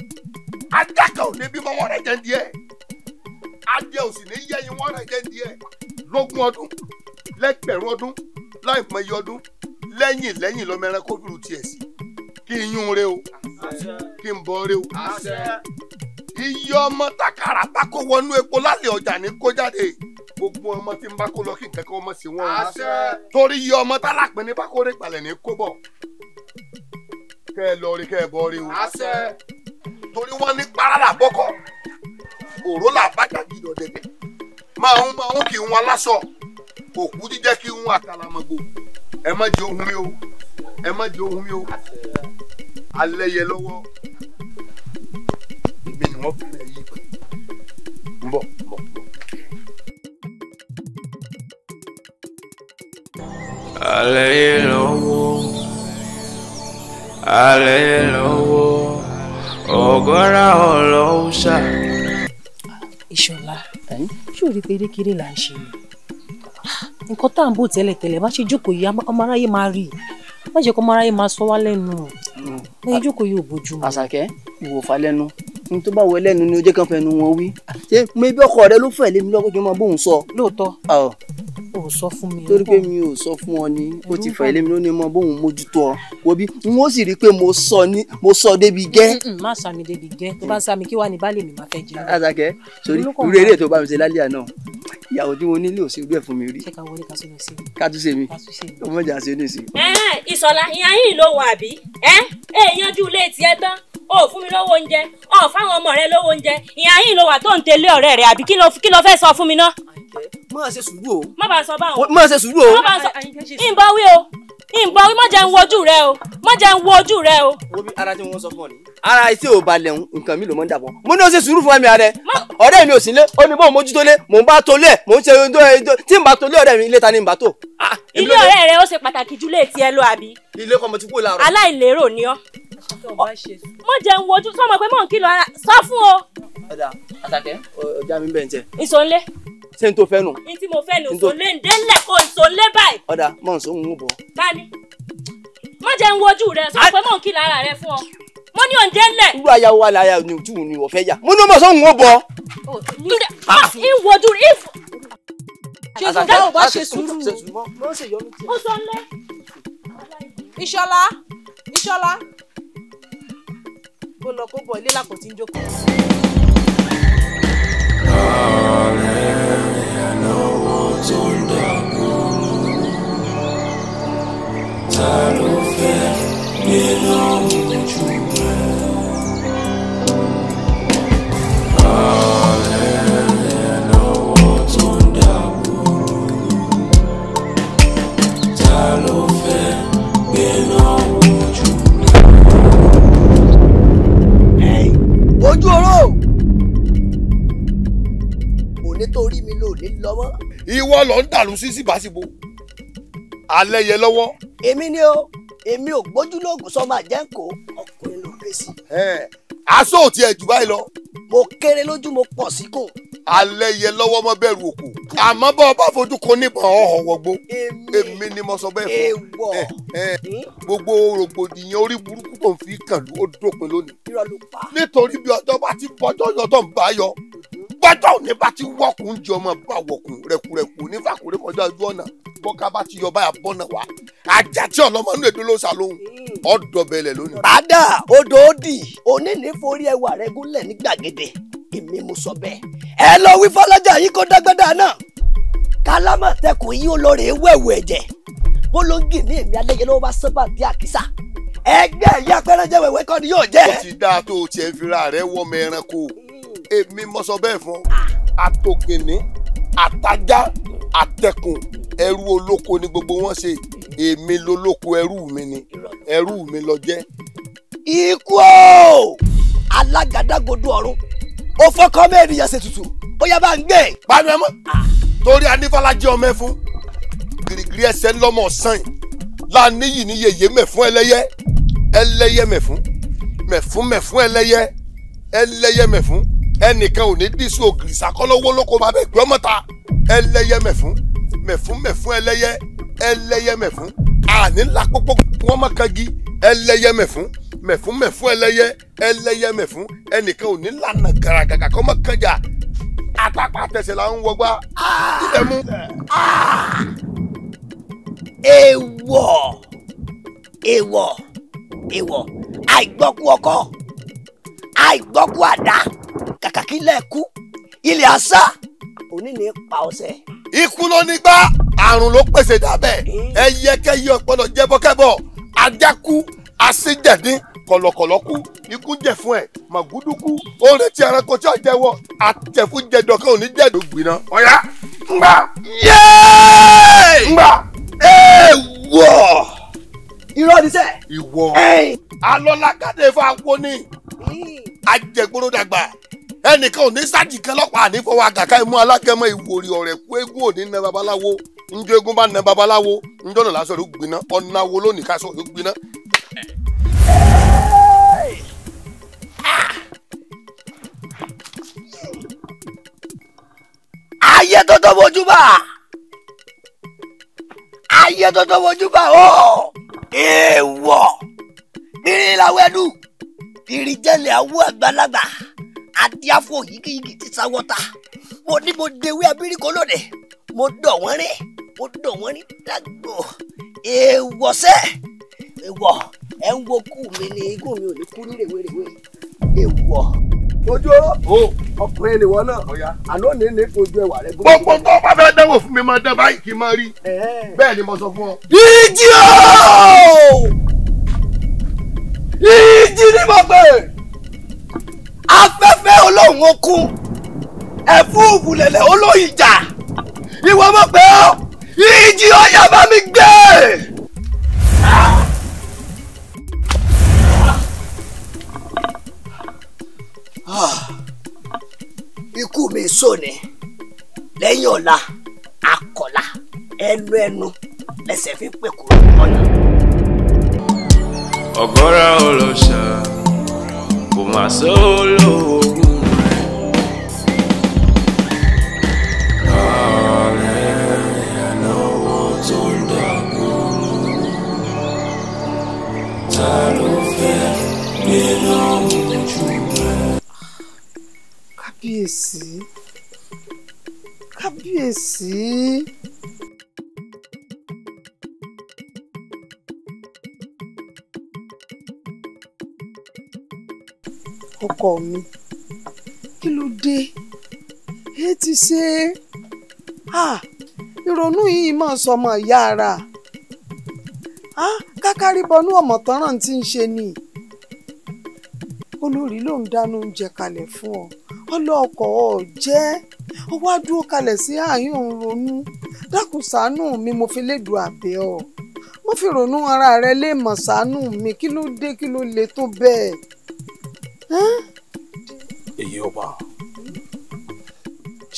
ajá kan ò lè bímọ wọn rẹ̀ jẹ́ díẹ̀ adìẹ ò sì ní yẹ́yin wọn rẹ̀ jẹ́ díẹ̀ lógún ọdún lẹ́gbẹ̀rún ọdún láì mọ iye ọdún lẹ́yìn lẹ́yìn lọ́mọ ẹranko dúró tiẹ̀ sí kí n yún un re o kí n bọ̀ re o iye ọmọ takara tako wọnú epo lálẹ́ ọjà ní kó gbogbo ọmọ tí ń bá kó lọ kí nǹkan ọmọ sí wọn. àṣẹ torí iye ọmọ tálápẹ́ ní bá kó rí ní kó bọ̀ kẹ́ ẹ lọ rí kẹ́ ẹ bọ́ rí o. àṣẹ torí wọ́n ní para bọ́kọ̀ òró là bájà gidi ọ̀dẹ̀dẹ̀ máa ń máa ń kí wọn lásọ òkú jíjẹ́ kí wọn àtàlàmọ̀gbò ẹ má jẹ ohun mi o ẹ má jẹ ohun mi o alẹ́ yẹ lọ́wọ́ ọmọbìnrin yìí ń bọ̀ bọ̀ bọ̀. alẹ́ yìí lọ́wọ́ alẹ́ yìí lọ́wọ́ ọ̀gọ́ra ọlọ́ọ̀ṣà. ìṣọ̀lá ṣó rí pérékeré là ń ṣe nǹkan tá à ń bò tẹ́lẹ̀tẹ́lẹ̀ bá ṣe jókòó yìí ọmọ aráyé máa rí i má jẹ́ kó mọ aráyé máa sọ wá lẹ́nu o mm. ẹyin jókòó yóò bójú mu. àṣàkẹ́ ìwò fà lẹ́nu ní tó bá wọ lẹ́nu ni ó jẹ́ kàn fẹnu wọn wí. ṣé mo ibi ọkọ rẹ ló fẹ́ lé mi lọ́kọ́ máa bóun sọ. lóòótọ́ o sọ fún mi. torí pé mi ò sọ fún ọ ni ó ti fà ilé mi ló ní mọ bóun mójútó ọ wo n ó sì rí i pé mo sọ ni mo sọ débi gẹ́. Mm, mm, má sàmì débi gẹ́ tó bá sàmì kí wàá ní baálé mi máa fẹ́ jẹun. àtàkẹ́ sori irú eré tó bá mi ṣe lálẹ́ àná ìyàwó tí mo nílé ò sí irú ẹ̀ fún mi rí. ṣé ká wọlé ká sọ̀rọ̀ sí i. ká tún ṣe mi ọmọ ìjà ṣe ní ìsìn. ìsọ̀lá ìyá yìí ló wọ àbí ẹ ẹ yanjú ilé tiẹ̀ tán o fún mi lówó oúnjẹ o fáwọn ọmọ rẹ lówó oúnjẹ ìyá yìí ló wà tó ń tẹ̀lé ọ̀rẹ́ rẹ àbí kí ló fẹ́ sọ fún mi ná. má ṣe sùúrù o. má bàa sọ báwo. mo ṣe sùúrù o. ìbọn wí o ìbọn wí má jẹ́ wojú rẹ o má jẹ́ wojú rẹ o. wo bí ara tí wọ́n sọ fún ọ ni. ara iṣẹ́ ò balẹ̀ nǹkan mi ló mọ́ ń dàbọ̀ mo ní o ṣe sùúrù fún mi ààrẹ ọ̀rẹ́ mi ò sí lé ó ní bó mójútó lé mò ń bá tó lé mò ń ṣe tí ń bá tó lé ọ̀rẹ́ mi ilé ta ni ń bá tó. Ah, ilé ọ̀rẹ́ rẹ ó ṣe pàtàkì jù lé tiẹ̀ lọ àbí. ilé kọ́mọ mo jẹ ń wojú sọmọ pé mò ń kìlọ̀ ara sọ fún o. ọ̀dà àtàkẹ́ ọjà mi bẹ̀ ń tẹ. ìsọ̀nlé. ṣé n tó fẹ́ nù. n tí mo fẹ́ nù ìsọ̀nlé ń délẹ̀ kó ìsọ̀nlé báyìí. ọ̀dà mọ̀ n sọ mú un bọ̀. tani mo jẹ ń wojú rẹ sọ pé mò ń kìlọ̀ ara rẹ fún ọ mo ní òǹjẹ ńlẹ. irú ayáwó aláya ni ojú ni wọ́n fẹ́ yà mo ní mọ̀ sọ́hun ó bọ̀. ìwọ̀dù ìfọ̀. ṣèṣù dáhùn bá ṣe sùúrù. ó sọ ńlẹ. ìṣọlá ìṣọlá kó lọ kó bọ̀ ilé làkó tí ń jókòó. ọ̀rẹ́ mi ẹ̀ lọ́wọ́ ta ló fẹ́ nínú ojú. torí mi ló ní lọ́wọ́. ìwọ lọ ń dàlú sí síbàṣìbò alẹ́ yẹ lọ́wọ́. èmi ni o èmi ò gbójúlóògùn sọmọ àjẹkọ ọkùnrin ló gbé sí. aṣọ ò tiẹ̀ jù báyìí lọ. mo kéré lójú mo pọ̀ sí kò. alẹ́ yẹ lọ́wọ́ mọ́ bẹ̀rù òkú. àmọ́ bá ọba fojú kan níbọn ọ̀hún wọ̀gbó. èmi ni mo sọ bẹ́ẹ̀ fún. èèwọ̀. Hmm? gbogbo rògbòdìyàn orí burúkú tó ń fi kàn ló dópin lónìí. nítorí bí ọjọ́ bá ti bọ́jọ́ yọ tó ń bá yọ pẹ́tọ́ òní bá ti wọ́kùn ń jẹ ọmọ bá wọ̀kùn rẹ̀kùrẹ̀kù onífàkùrẹ́ kọjá ojú ọ̀nà bọ́ká bá ti yọ báyà bọ́nà wá ajá tí ọlọ́mọ inú èdè ló sàlóhùn hmm. ọ̀dọ̀ bẹ̀lẹ̀ lónìí. padà odò òdì oníní forí ẹwà rẹ gúnlẹ̀ ní gbàgede èmi mo sọ bẹ́ẹ̀ ẹ lọ wí fọlọ́jà yìí kó dágbádá náà kálámọ̀tẹ́kùn yìí olóore wẹ̀wù ẹ̀jẹ̀ bólóńgì ní èmi alẹ́yẹ ló bá sábà bí àkísà ẹgbẹ́ ìyá pẹ́rẹ́jẹ́ wẹ̀wẹ́ kọ́ ni yóò jẹ́. ó ti dáa tó o tiẹ̀ fira rẹ wọ́mọ ẹranko èmi mo sọ bẹ́ẹ̀ fún àtògèné àtajá àtẹkùn ẹrú olóko ni gbogbo wọn ṣe èmi lolóko ẹrú mi ni ẹrú mi ló jẹ́. ikú o alágàdàgodo ọ̀run ó fọkàn mẹ́rin yẹn ṣe tutù ó yá bá ń gbé. pàmì ẹmọ torí anífàlájẹ ọmọ ẹ fún gírígírí ẹsẹ ńlọmọ ọsàn yìí láàníyì ní yèyé mẹfún ẹlẹ́yẹ ẹlẹ́yẹ mẹfún mẹfún mẹfún ẹlẹ́yẹ ẹlẹ́yẹ mẹfún ẹnìkan ò ní dísù ògìrìsà kọ́ lọ́wọ́ lóko máa bẹ̀ gbé ọmọ ta ẹlẹ́yẹ mẹ̀fún mẹ̀fún mẹ̀fún ẹlẹ́yẹ ẹlẹ́yẹ mẹ̀fún àní ńlá pọ́pọ́ wọ́n má kagi ẹlẹ́yẹ mẹ̀fún mẹ̀fún mẹ̀fún ẹlẹ́yẹ ẹlẹ́yẹ mẹ̀fún ẹnìkan ò ní lànà gàràgàgà kọ́ má kẹjà àtàpà tẹ̀sẹ̀ là ń wọgbá ilẹ̀ mú. èèwọ̀ èèwọ̀ èèwọ̀ àìgbọ́kú ọkọ àìgbọ́kú àdá kàkà kí ilẹ̀ kú ilẹ̀ àṣà òní ni pa ọ̀sẹ̀. ikú ló ní gbá àrùn ló pèsè dábẹ́ mm. ẹyẹkẹyẹ ọ̀pọ̀lọ̀ jẹ́bọ́kẹ́bọ̀ ajáku aṣíjẹ̀dín kọ̀lọ̀kọ̀lọ̀ kú ikú jẹ fún ẹ màgúdú kú ó ń retí ẹranko tí ó jẹwọ àtẹfúnjẹdọ kan ò ní jẹdọ gbiná. ọ̀yá ngbà. yéé ngbà. èèwọ̀. irọ́ ni sẹ́. ìwọ. alọ́lá kádé fún akóni. ajẹgboro dàgbà ẹnìkan ò ní sádìkan lọ́pàá àní fọwọ́ àgàká imú alágẹmọ ìwòrì ọ̀rẹ́ kú eégún ò ní babaláwo njó eégún bá babaláwo lásán ló gbiná ọ̀nà wo lónìí ló gbiná. ayé bá ayé bá ó èèwọ̀ ìrìnlá àgbàlagbà. adíáfò yigiyigi ti sa wọta mo ní mo dewé abíríkó lónìí mo dọ̀ wọ́n rí mo dọ̀ wọ́n rí dàgbò èèwọ̀ sẹ́ èèwọ̀ ẹ̀ ń wo kú mi ní igun mi ò ní kú ní rèwerèwe èèwọ̀. ojú ọ̀rọ̀ ọkùnrin nìwọ náà àná ní ní kojú ẹwà rẹ. gbogbo tó bá fẹ́ dánwò fún mi máa dán báyìí kí n máa rí bẹ́ẹ̀ ni mo sọ fún ọ. ìjì ooo ìjì ni mo gbé afẹ́fẹ́ olóhùn okun ẹ̀fúùfù lẹ̀lẹ̀ olóyin jà ìwọ mọ̀ pé ọ́ ìjì ọ̀yà bá mi gbé. Ah, ikú mi sóni lẹ́yìn ọ̀la akọ̀la ẹnu ẹnu lẹ́sẹ̀ fi pẹ̀kú ọ̀nà. ọ̀gọ́ra olóṣà kò máa sówó lóògùn rẹ̀. ọ̀rẹ́ ìyànnáwó tó ń dàgbọ́n ta ló fẹ́ nínú ọkọ mi kí ló dé ẹ ti ṣe ìrònú yìí máa sọ ọmọ ìyá ara kákárí bọnú ọmọ tọ́ràn tí ń ṣe ni olórí ló ń dáná oúnjẹ kalẹ̀ fún ọ ọlọ́ọ̀kọ̀ ọ jẹ́ ó wá dúró kalẹ̀ sí ààyè ronú dákun ṣàánú mi mo fi lédùn àbẹ̀ ọ mo fi ronú ara rẹ lè mọ̀ ṣàánú mi kí ló dé kí ló le tó bẹ́ẹ̀ èyí ọba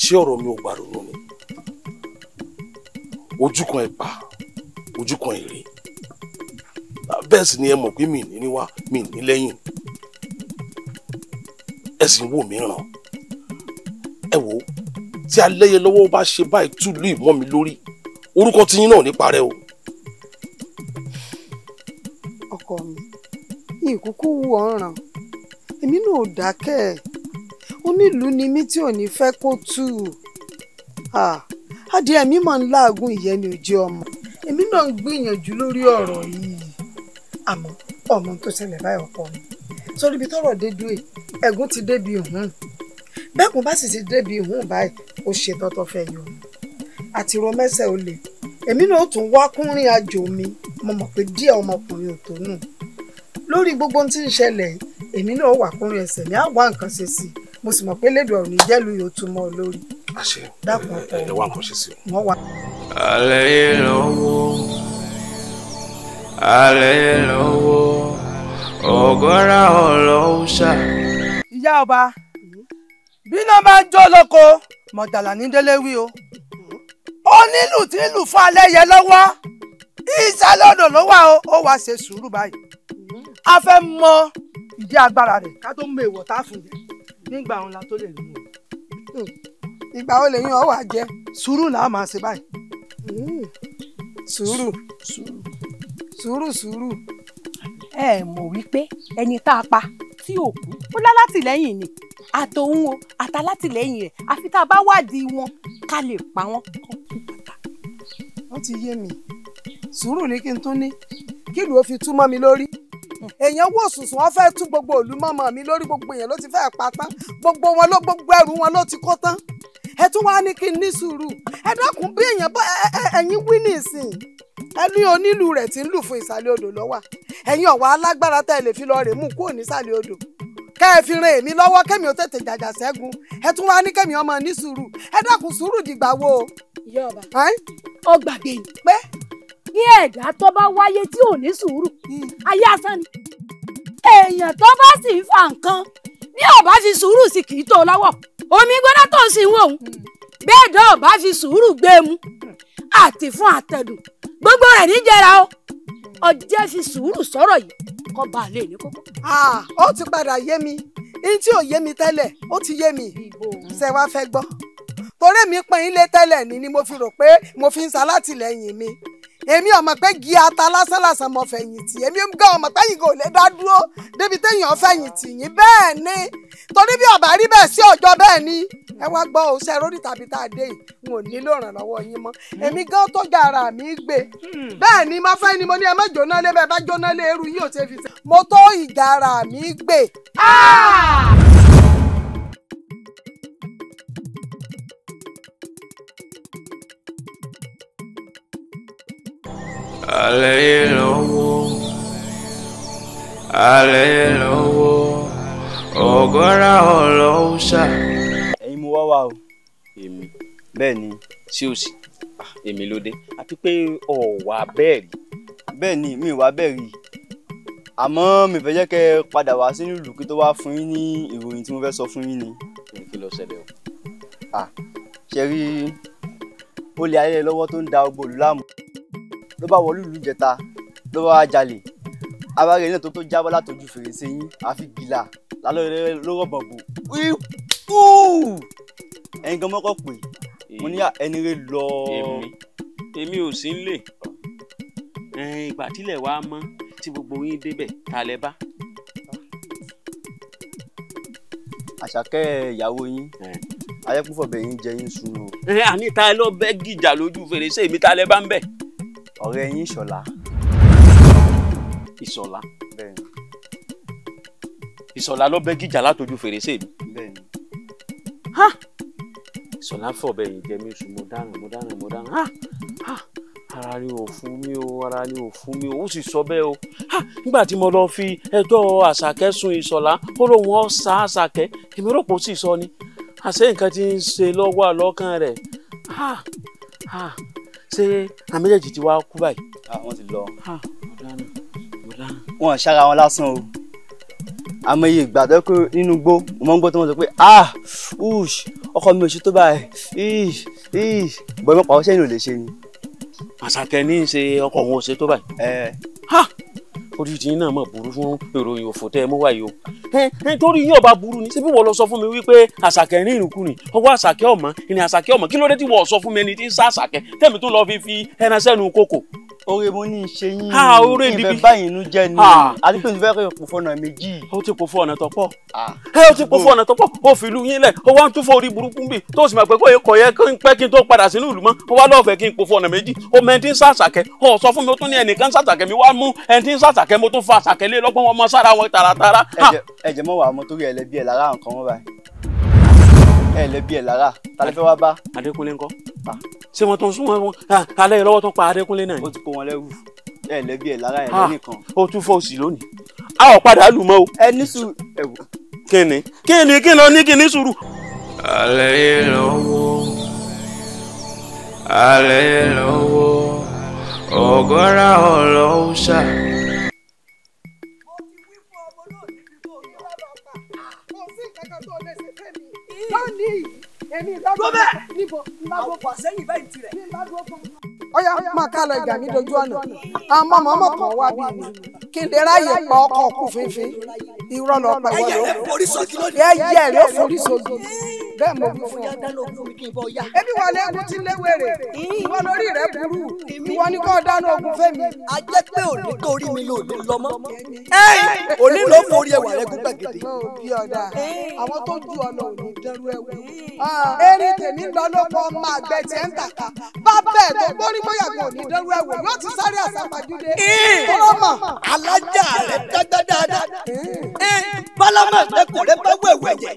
ṣé ọ̀rọ̀ mi ò gbàrò lónìí ojú kan ẹ̀ ojú kan ẹ̀ rí sì ni ẹ mọ̀ pé mi ní níwá mi ní lẹ́yìn ẹ sì ń wò mí ẹ wò tí aléyẹ lọ́wọ́ bá ṣe báyìí túlù ìmọ̀ mi lórí orúkọ tiyín náà nípa rẹ o. ọkọ mi ìkúkú wù ọ̀ràn èmi náà ò dákẹ́ ẹ̀ onílùú ni mí tí ò ní fẹ́ kó tù adìẹ mi máa ń láàgùn ìyẹn ni ò jẹ́ ọmọ èmi náà ń gbìyànjú lórí ọ̀rọ̀ yìí àmọ́ ọmọ tó ṣẹlẹ̀ báyìí ọ̀pọ̀ mi sórí ibi tọ́rọ̀ dé dúró ẹ̀gún ti débi òun bẹ́ẹ̀kún bá sì ti débi òun báyìí ó ṣe tọ́tọ́ fẹ́ yọ àti rọ mẹ́sẹ̀ ó lè èmi náà ó tún wá kúnrin àjò mi mo mọ̀ pé díẹ̀ ọmọkùnrin ò tó nù lórí gbogbo ohun tí ń ṣẹlẹ̀ èmi náà wà kúnrin ẹsẹ̀ ní àwọn nǹkan ṣe sí i mo sì mọ̀ pé lédùn ọ̀run ìjẹ́lu yóò tún mọ́ ọ lórí. àṣẹ ẹ wá nǹkan sí i. wọ́n wà. alẹ́ lọ́wọ́ alẹ́ lọ́wọ́ ọ̀gọ́ra ọlọ́ọ̀ṣà. ìyá ọba bí náà bá jó lóko mọ̀dàlá ní délé wí o ó fún alẹ́ yẹn lọ́wọ́ ìsàlẹ̀ odò ló wà ó wàá ṣe sùúrù báyìí a fẹ́ mọ ìdí agbára rẹ̀ ká tó mọ èèwọ̀ tá a fún yẹn nígbà òun la tó lè rí wọn. Hmm. ìgbà wo lèyìn ọ wà jẹ. sùúrù là á máa ṣe báyìí. Hmm. sùúrù sùúrù sùúrù. ẹ mọ̀ wípé ẹni tá a pa tí ò kú ó lálátìlẹ́yìn ni àtòun o àtàlátìlẹ́yìn rẹ̀ àfi tá a bá wádìí wọn ká lè pa wọn. wọ́n ti yé mi sùúrù ni kí n tún ní kí ìlú fi tú mi lórí èèyàn wò sùsùn wọn fẹ́ẹ́ tú gbogbo òlú mọmọ mi lórí gbogbo èèyàn ló ti fẹ́ẹ́ pa tán gbogbo wọn ló gbogbo ẹrù wọn ló ti kó tán ẹ tún wá ní kí n ní sùúrù ẹ dákun bí èèyàn bá ẹ̀yin wí nísìn ẹni onílù rẹ̀ ti ń lù fún ìsàlẹ̀ odò lọ́wà ẹ̀yin ọ̀wá alágbára tẹ́ ẹ lè fi lọ rè mú kúrò nísàlẹ̀ odò kẹ́ ẹ èmi lọ́wọ́ kẹ́mi ó tètè jàjà ṣẹ́gun ẹ tún wá ní kẹ́mi ọmọ ní sùúrù ẹ dákun sùúrù dìgbà wo. ìyá ọgbàgbé pé ní ẹ̀dá tó bá wáyé tí ò ní sùúrù hmm. ayé asán ni èèyàn tó bá sì ń fa nǹkan ní ọ̀bá fi sùúrù sí kì í tó lọ́wọ́ omi gbóná tó ń sin wòun hmm. bẹ́ẹ̀ dán ọ̀bá fi sùúrù gbé e mu àti fún àtẹ̀dùn gbogbo rẹ̀ níjẹra o ọjẹ́ fi sùúrù sọ̀rọ̀ yìí kọ́ bá a lè ní kókó. ó ti padà yé mi ní tí ò yé mi tẹ́lẹ̀ ó ti yé mi ṣe wá fẹ́ gbọ́ torí mi pín lé tẹ́lẹ̀ ni ni mo fi rò pé mo fi ń sa látìlẹ́yìn mi èmi ọmọ pé gi ata lásán lásán mọ fẹ̀yìntì èmi gan ọmọ pé yìí kò lè dá dúró débi téèyàn fẹ̀yìntì yín bẹ́ẹ̀ ni torí bí ọ̀bà rí bẹ́ẹ̀ sí ọjọ́ bẹ́ẹ̀ ni ẹ wá gbọ́ òṣè rórí tàbí tá a dé yìí n ò nílò ìrànlọ́wọ́ yín mọ́ èmi gan tó ga ara mi gbé bẹ́ẹ̀ ni mo fẹ́ ni mo ní ẹ má jóná lé bẹ́ẹ̀ bá jóná lé eru yín ò ṣe fi ṣe mo tó ìga ara mi gbé. Ah! alẹ́ lọ́wọ́ alẹ́ lọ́wọ́ ọ̀gọ́ra ọlọ́wọ́sà. ẹ̀yin mo wá wá o. èmi. bẹ́ẹ̀ ni sí òsì ah, èmi ló dé àti pé ọ̀wà bẹ́ẹ̀ rí. bẹ́ẹ̀ ni mi wá bẹ́ẹ̀ rí àmọ́ mi fẹ́ jẹ́ kẹ́ ẹ padà wá sínú ìlú kí tó wá fún yín ní ìròyìn tí mo fẹ́ sọ fún yín ni. kí ló ṣẹlẹ̀ o. Ah, ṣe rí olè ayẹyẹ lọ́wọ́ tó ń da ọgbọ́n òlù ló bá wọlé ìlú ìjẹta ló bá wá jalè abáre náà tó tó jábọ́ látọjú fèrèsé yín àfi gìlà lálọ́ ló rọ̀bọ̀ bò wíwú ẹ̀yin gan mọ́kọ́ pé mo ní ẹni rẹ lọ. èmi ò sí nílé ìgbà tílẹ̀ wá mọ́ tí gbogbo yín débẹ̀ ta bá. àṣàkẹ́ ìyàwó yín ayẹ́púfọ̀bẹ̀ yín jẹ yín sunu. àní ta ló bẹ́ gìjà lójú fèrèsé mi ta lẹ bá ń bẹ̀ ọ̀rẹ́ yín ìṣọ̀lá. ìṣọ̀lá. bẹ́ẹ̀ni. ìṣọ̀lá ló bẹ́ gíjà látọjú fèrèsé mi. bẹ́ẹ̀ni. ha ìṣọ̀lá fọ̀bẹ yìí jẹ mí sùn mo dáná mo dáná mo dáná ha ha ara ni ò fún mi o ara ni ò fún mi o ó sì sọ bẹ́ẹ̀ o ha nígbà tí mo lọ fi ẹjọ́ àṣàkẹ́ sun ìṣọ̀lá ó lóun ọ̀ sá àṣàkẹ́ èmi rò pé ó sì sọ ni àṣé nǹkan ti ń ṣe lọ́wọ́ àlọ́kàn rẹ̀ ha ha ṣé àwọn méjèèjì ti wá kú báyìí. àwọn ah, ti lọ wọn ṣára wọn lásán o àmọ́ iye ìgbà tó kó nínú igbó mo máa ń gbọ́ tó wọ́n sọ pé ah, ọkọ mi ò ṣe tó báyìí ih ih bọ́ ẹ lè ṣe ni. àṣàkẹ́ ní í ṣe ọkọ òun ò ṣe tó báyìí. Eh, orí ti náà mọ̀ burú fún ìròyìn òfò tẹ́ ẹ mú wáyé o ẹ torí yín ọba burú ni síbí wọ́n lọ sọ fún mi wípé àṣàkẹ́ ní ìrùkùnrin ọwọ́ àṣàkẹ́ ọ̀mọ́ ìní àṣàkẹ́ ọ̀mọ́ kí ló dé tí wọ́n sọ fún mi ẹni tí ń sá àṣàkẹ́ tẹ̀mí tó lọ fi fi ẹran sẹ́nu kókò oore mo ní í ṣe yín ní ìbẹ̀ báyìí inú jẹ́ ni àti pé nífẹ̀ẹ́ rẹ̀ kò fọ̀nà méjì. ó ti kò fọ ọ̀nà tó pọ̀ ó ti kò fọ ọ̀nà tó pọ̀ ó fi ìlú yín lẹ̀ ó wá ń tún fọ orí burúkú bì tó sì máa pẹ́ kó yẹ kí n pẹ́ kí n tó padà sínú ìlú mọ́ ó wá lọ́ọ̀fẹ́ kí n kò fọ ọ̀nà méjì ó mẹ ti ń sàṣàkẹ́ ó sọ fún mi ó tún ní ẹnìkan sàṣàkẹ́ mi wá mú ẹni tí ń sàṣàkẹ́ ẹ eh, lè bí ẹ lára ta ló fẹ́ wá bá. Adékúnlé ńkọ́ ṣé wọn tó ń sún wọn ah, alẹ́ ìrọwọ́ tó pa Adékúnlé náà. ó ti kó wọn lẹ́rù ẹ eh, lè bí ẹ lára ẹ ah, lẹ́yìn kan. o tún fọ òsì lónìí a ò padà lù mọ́ o. ẹ eh, ní sùúrù ẹ wò. kí ni kí ni kí lọ ní kí ní sùúrù. alẹ́ ìrọwọ́ alẹ́ ìrọwọ́ ọ̀gọ́ra ọ̀rọ̀ ọ̀ṣà. Kanye. tó bẹ́ẹ̀ àwọn pàṣẹ́yìn bẹ́ẹ̀ tirẹ̀. ọ̀yá máa ká lọ ìgbà mi dojú ọ̀nà àmọ́ mọ́mọ́ kan wá bí mi kí n lè ráyè pa ọkọ̀ kù fínfín irọ́ lọ pa ìwọ lóko ẹ̀yẹ rẹ̀ forí sójú bẹ́ẹ̀ mo fi fún ọ. ebi wà lẹ́kùn tí léwèrè ìwọ lórí rẹ burú ìwọ ni kò dáná ogun fẹ́mi. a jẹ́ pé òní torí mi lòdì lọ́mọ́ òní ló forí ẹwà rẹ gún gbàgede. àwọn tó ju ọ̀nà òní dẹrú ẹwù erin tèmi ń lọ lóko ọmọ àgbẹ̀ tiẹ̀ ń tàkà bàbá ẹ̀ tó gbórí bóyá kò ní dẹ́rù ẹ̀wọ̀ yóò ti sáré àsàpàjúdé. tọ́lọ́mọ̀ alájà rẹ̀ dájá dáadáa bálámà rẹ̀ kò rẹ̀ bá wẹ̀wẹ̀ jẹ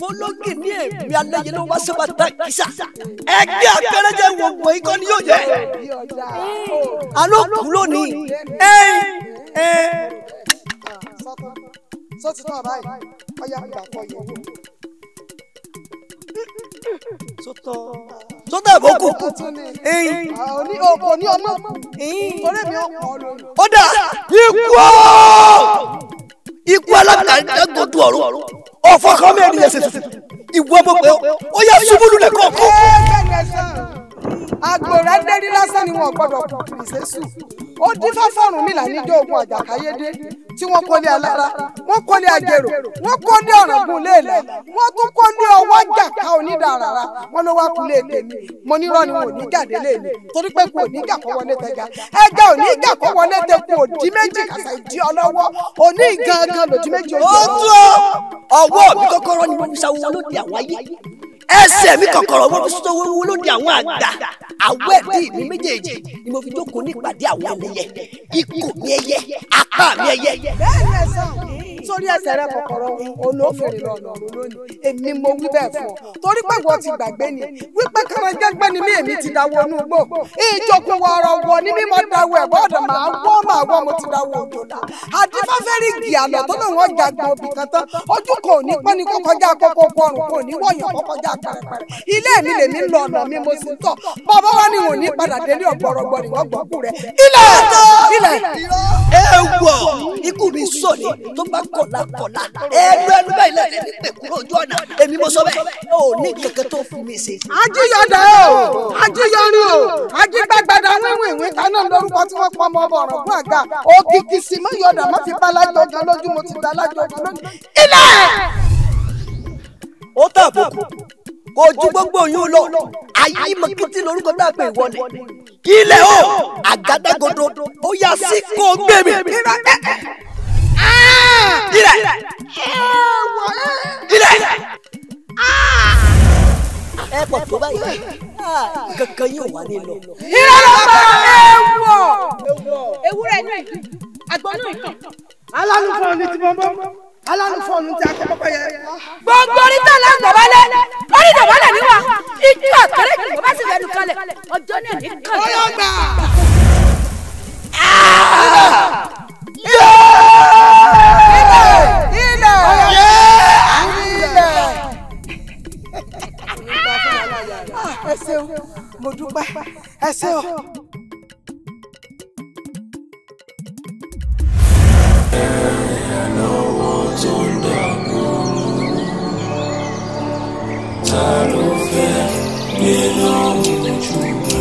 pológì ní èmi aláyé ló wá sábà tá kìsà ẹgbẹ́ akẹrẹjẹ wọ̀ngbọ̀n ikọ́ ni yóò jẹ́ alo kú lónìí ẹ ẹ. sọ́tún náà báyìí ọ̀ya ìgbà kan yẹ̀ wò sọtọ àbókù ẹyin ah, òní ọmọ ọ̀rẹ́ mi ọkọ lọ. ó dà ikú ikú alágbàdàgbòdo ọ̀run ọ̀fọ̀ kan mẹ́rin yẹn ṣètò ìwọ gbogbo ó yà ṣubúlù lẹ kọ̀ọ̀kan. àgbòrá dẹ́rí ni wọn gbọ́dọ̀ kù kìrìsẹ́sù ó dín fáfọ́rùn mi là níjọ́ ogun àjàkáyédé tí wọ́n kọ́lé alára wọ́n kọ́lé àjèrò wọ́n kọ́lé ọ̀ràngún léèlà wọ́n tún kọ́lé ọwọ́ jàká onídàárà wọ́n ló wá kulé tèmi mo nírọ́ ni wọn ò ní jáde léèlè torí pé kò ní gàkọ́ wọlé tẹja ẹja ò ní gàkọ́ wọlé tẹkù òdì méjì kàṣà ìdí ọlọ́wọ́ òní gangan lòdì méjì òdì ọwọ́ mi kọ́kọ́rọ́ ni mo fi ṣàwọ́ àwáyé ẹsẹ̀ mi kọ̀kọ̀rọ̀ wọ́n sọ wíwú lóde àwọn àgbà àwọ̀ ẹ̀dí mi méjèèjì ni mo fi jókòó nípàdé àwọn ẹlẹ́yẹ ikùn mi ẹyẹ apá mi ẹyẹ. bẹ́ẹ̀ ni ẹ sọ̀rọ̀ sórí ẹsẹ̀ rẹ kọ̀kọ̀rọ̀ olófèrè lọ́nà ọ̀run lónìí èmi mo wí bẹ́ẹ̀ fún ọ torí pé wọ́n ti gbàgbé ni wípé kẹrẹgẹgbẹ́ ni mí èmi ti dáwọ́ inú gbò ìjókòó ọ̀rọ̀ wọ̀ ni mí mo dáwọ́ ẹ̀bọ́ ọ̀dọ̀ màá wọ́ màá wọ́ mo ti dáwọ́ òjò dá àdífáfẹ́rì gìyà lọ tó lóun ọjà gbọ̀n òbí kan tán ojú kò ní pẹ́ ni kó kọjá kókó ọrùn kò ní wọ̀nyàn kó kọjá pẹ̀rẹ̀pẹ̀rẹ̀ ilé mi lèmi lọ ọ̀nà mi mo sì ń tọ̀ bàbá wa ni wọ́n ní padà délé ọ̀gbọ̀rọ̀gbọ̀ ni wọ́n gbọ́kú rẹ̀ ilẹ̀ ilẹ̀. ẹ wọ ikú mi sọ ni tó bá kọ̀làkọ̀là ẹnu ẹnu bẹ́ẹ̀ lẹ̀ lẹ́ni pè kúrò ojú ọ̀nà èmi mo sọ bẹ́ẹ̀ o ní kẹ̀kẹ́ tó fi mi ṣe. ajíyọ̀dẹ o ajíyọrin o ajígbàgbàdà wíwìn ìwé kaná lórúkọ tí wọ́n pọ̀ mọ́ ọmọ ọ̀rọ̀ fún àga òkìkì sì mọ́ ìyọ̀dà má fi bá alájọjọ lójú mo ti gba alájọjọ lójú. ilẹ̀. ó tà àbùkù kò gbogbo yín lọ ayé mọ̀kìtì lórúkọ tá pè wọlé ilẹ̀ o àgádágodo ó yà sí kó gbèmí. Ilẹ̀. Ilẹ̀. Ẹ pọ̀ tó báyìí. Kankan yóò wá ní lọ. Ìrọ̀lọ́pọ̀ ẹ̀wọ̀. Ewúrẹ́ inú ìtàn. Àgbọ̀n inú ìtàn. Alálùfọ̀ ni ti bọ́nbọ́n. Alálùfọ̀ ni ti akẹ́kọ̀ọ́ yẹn. Gbogbo orí tán lá dọ̀bálẹ̀. Orí dọ̀bálẹ̀ ni wà. Ijó àtọ́lẹ̀ kì í bá sì fẹnu kalẹ̀. Ọjọ́ náà ní kàlẹ́. Ọlọ́gbà. Ah! ilẹ̀ ilẹ̀ ilẹ̀. ẹ ṣeun mo dúpẹ́ ẹ ṣeun. lọ́wọ́ tó ń dàgbò ta ló fẹ́ nínú ojú mi.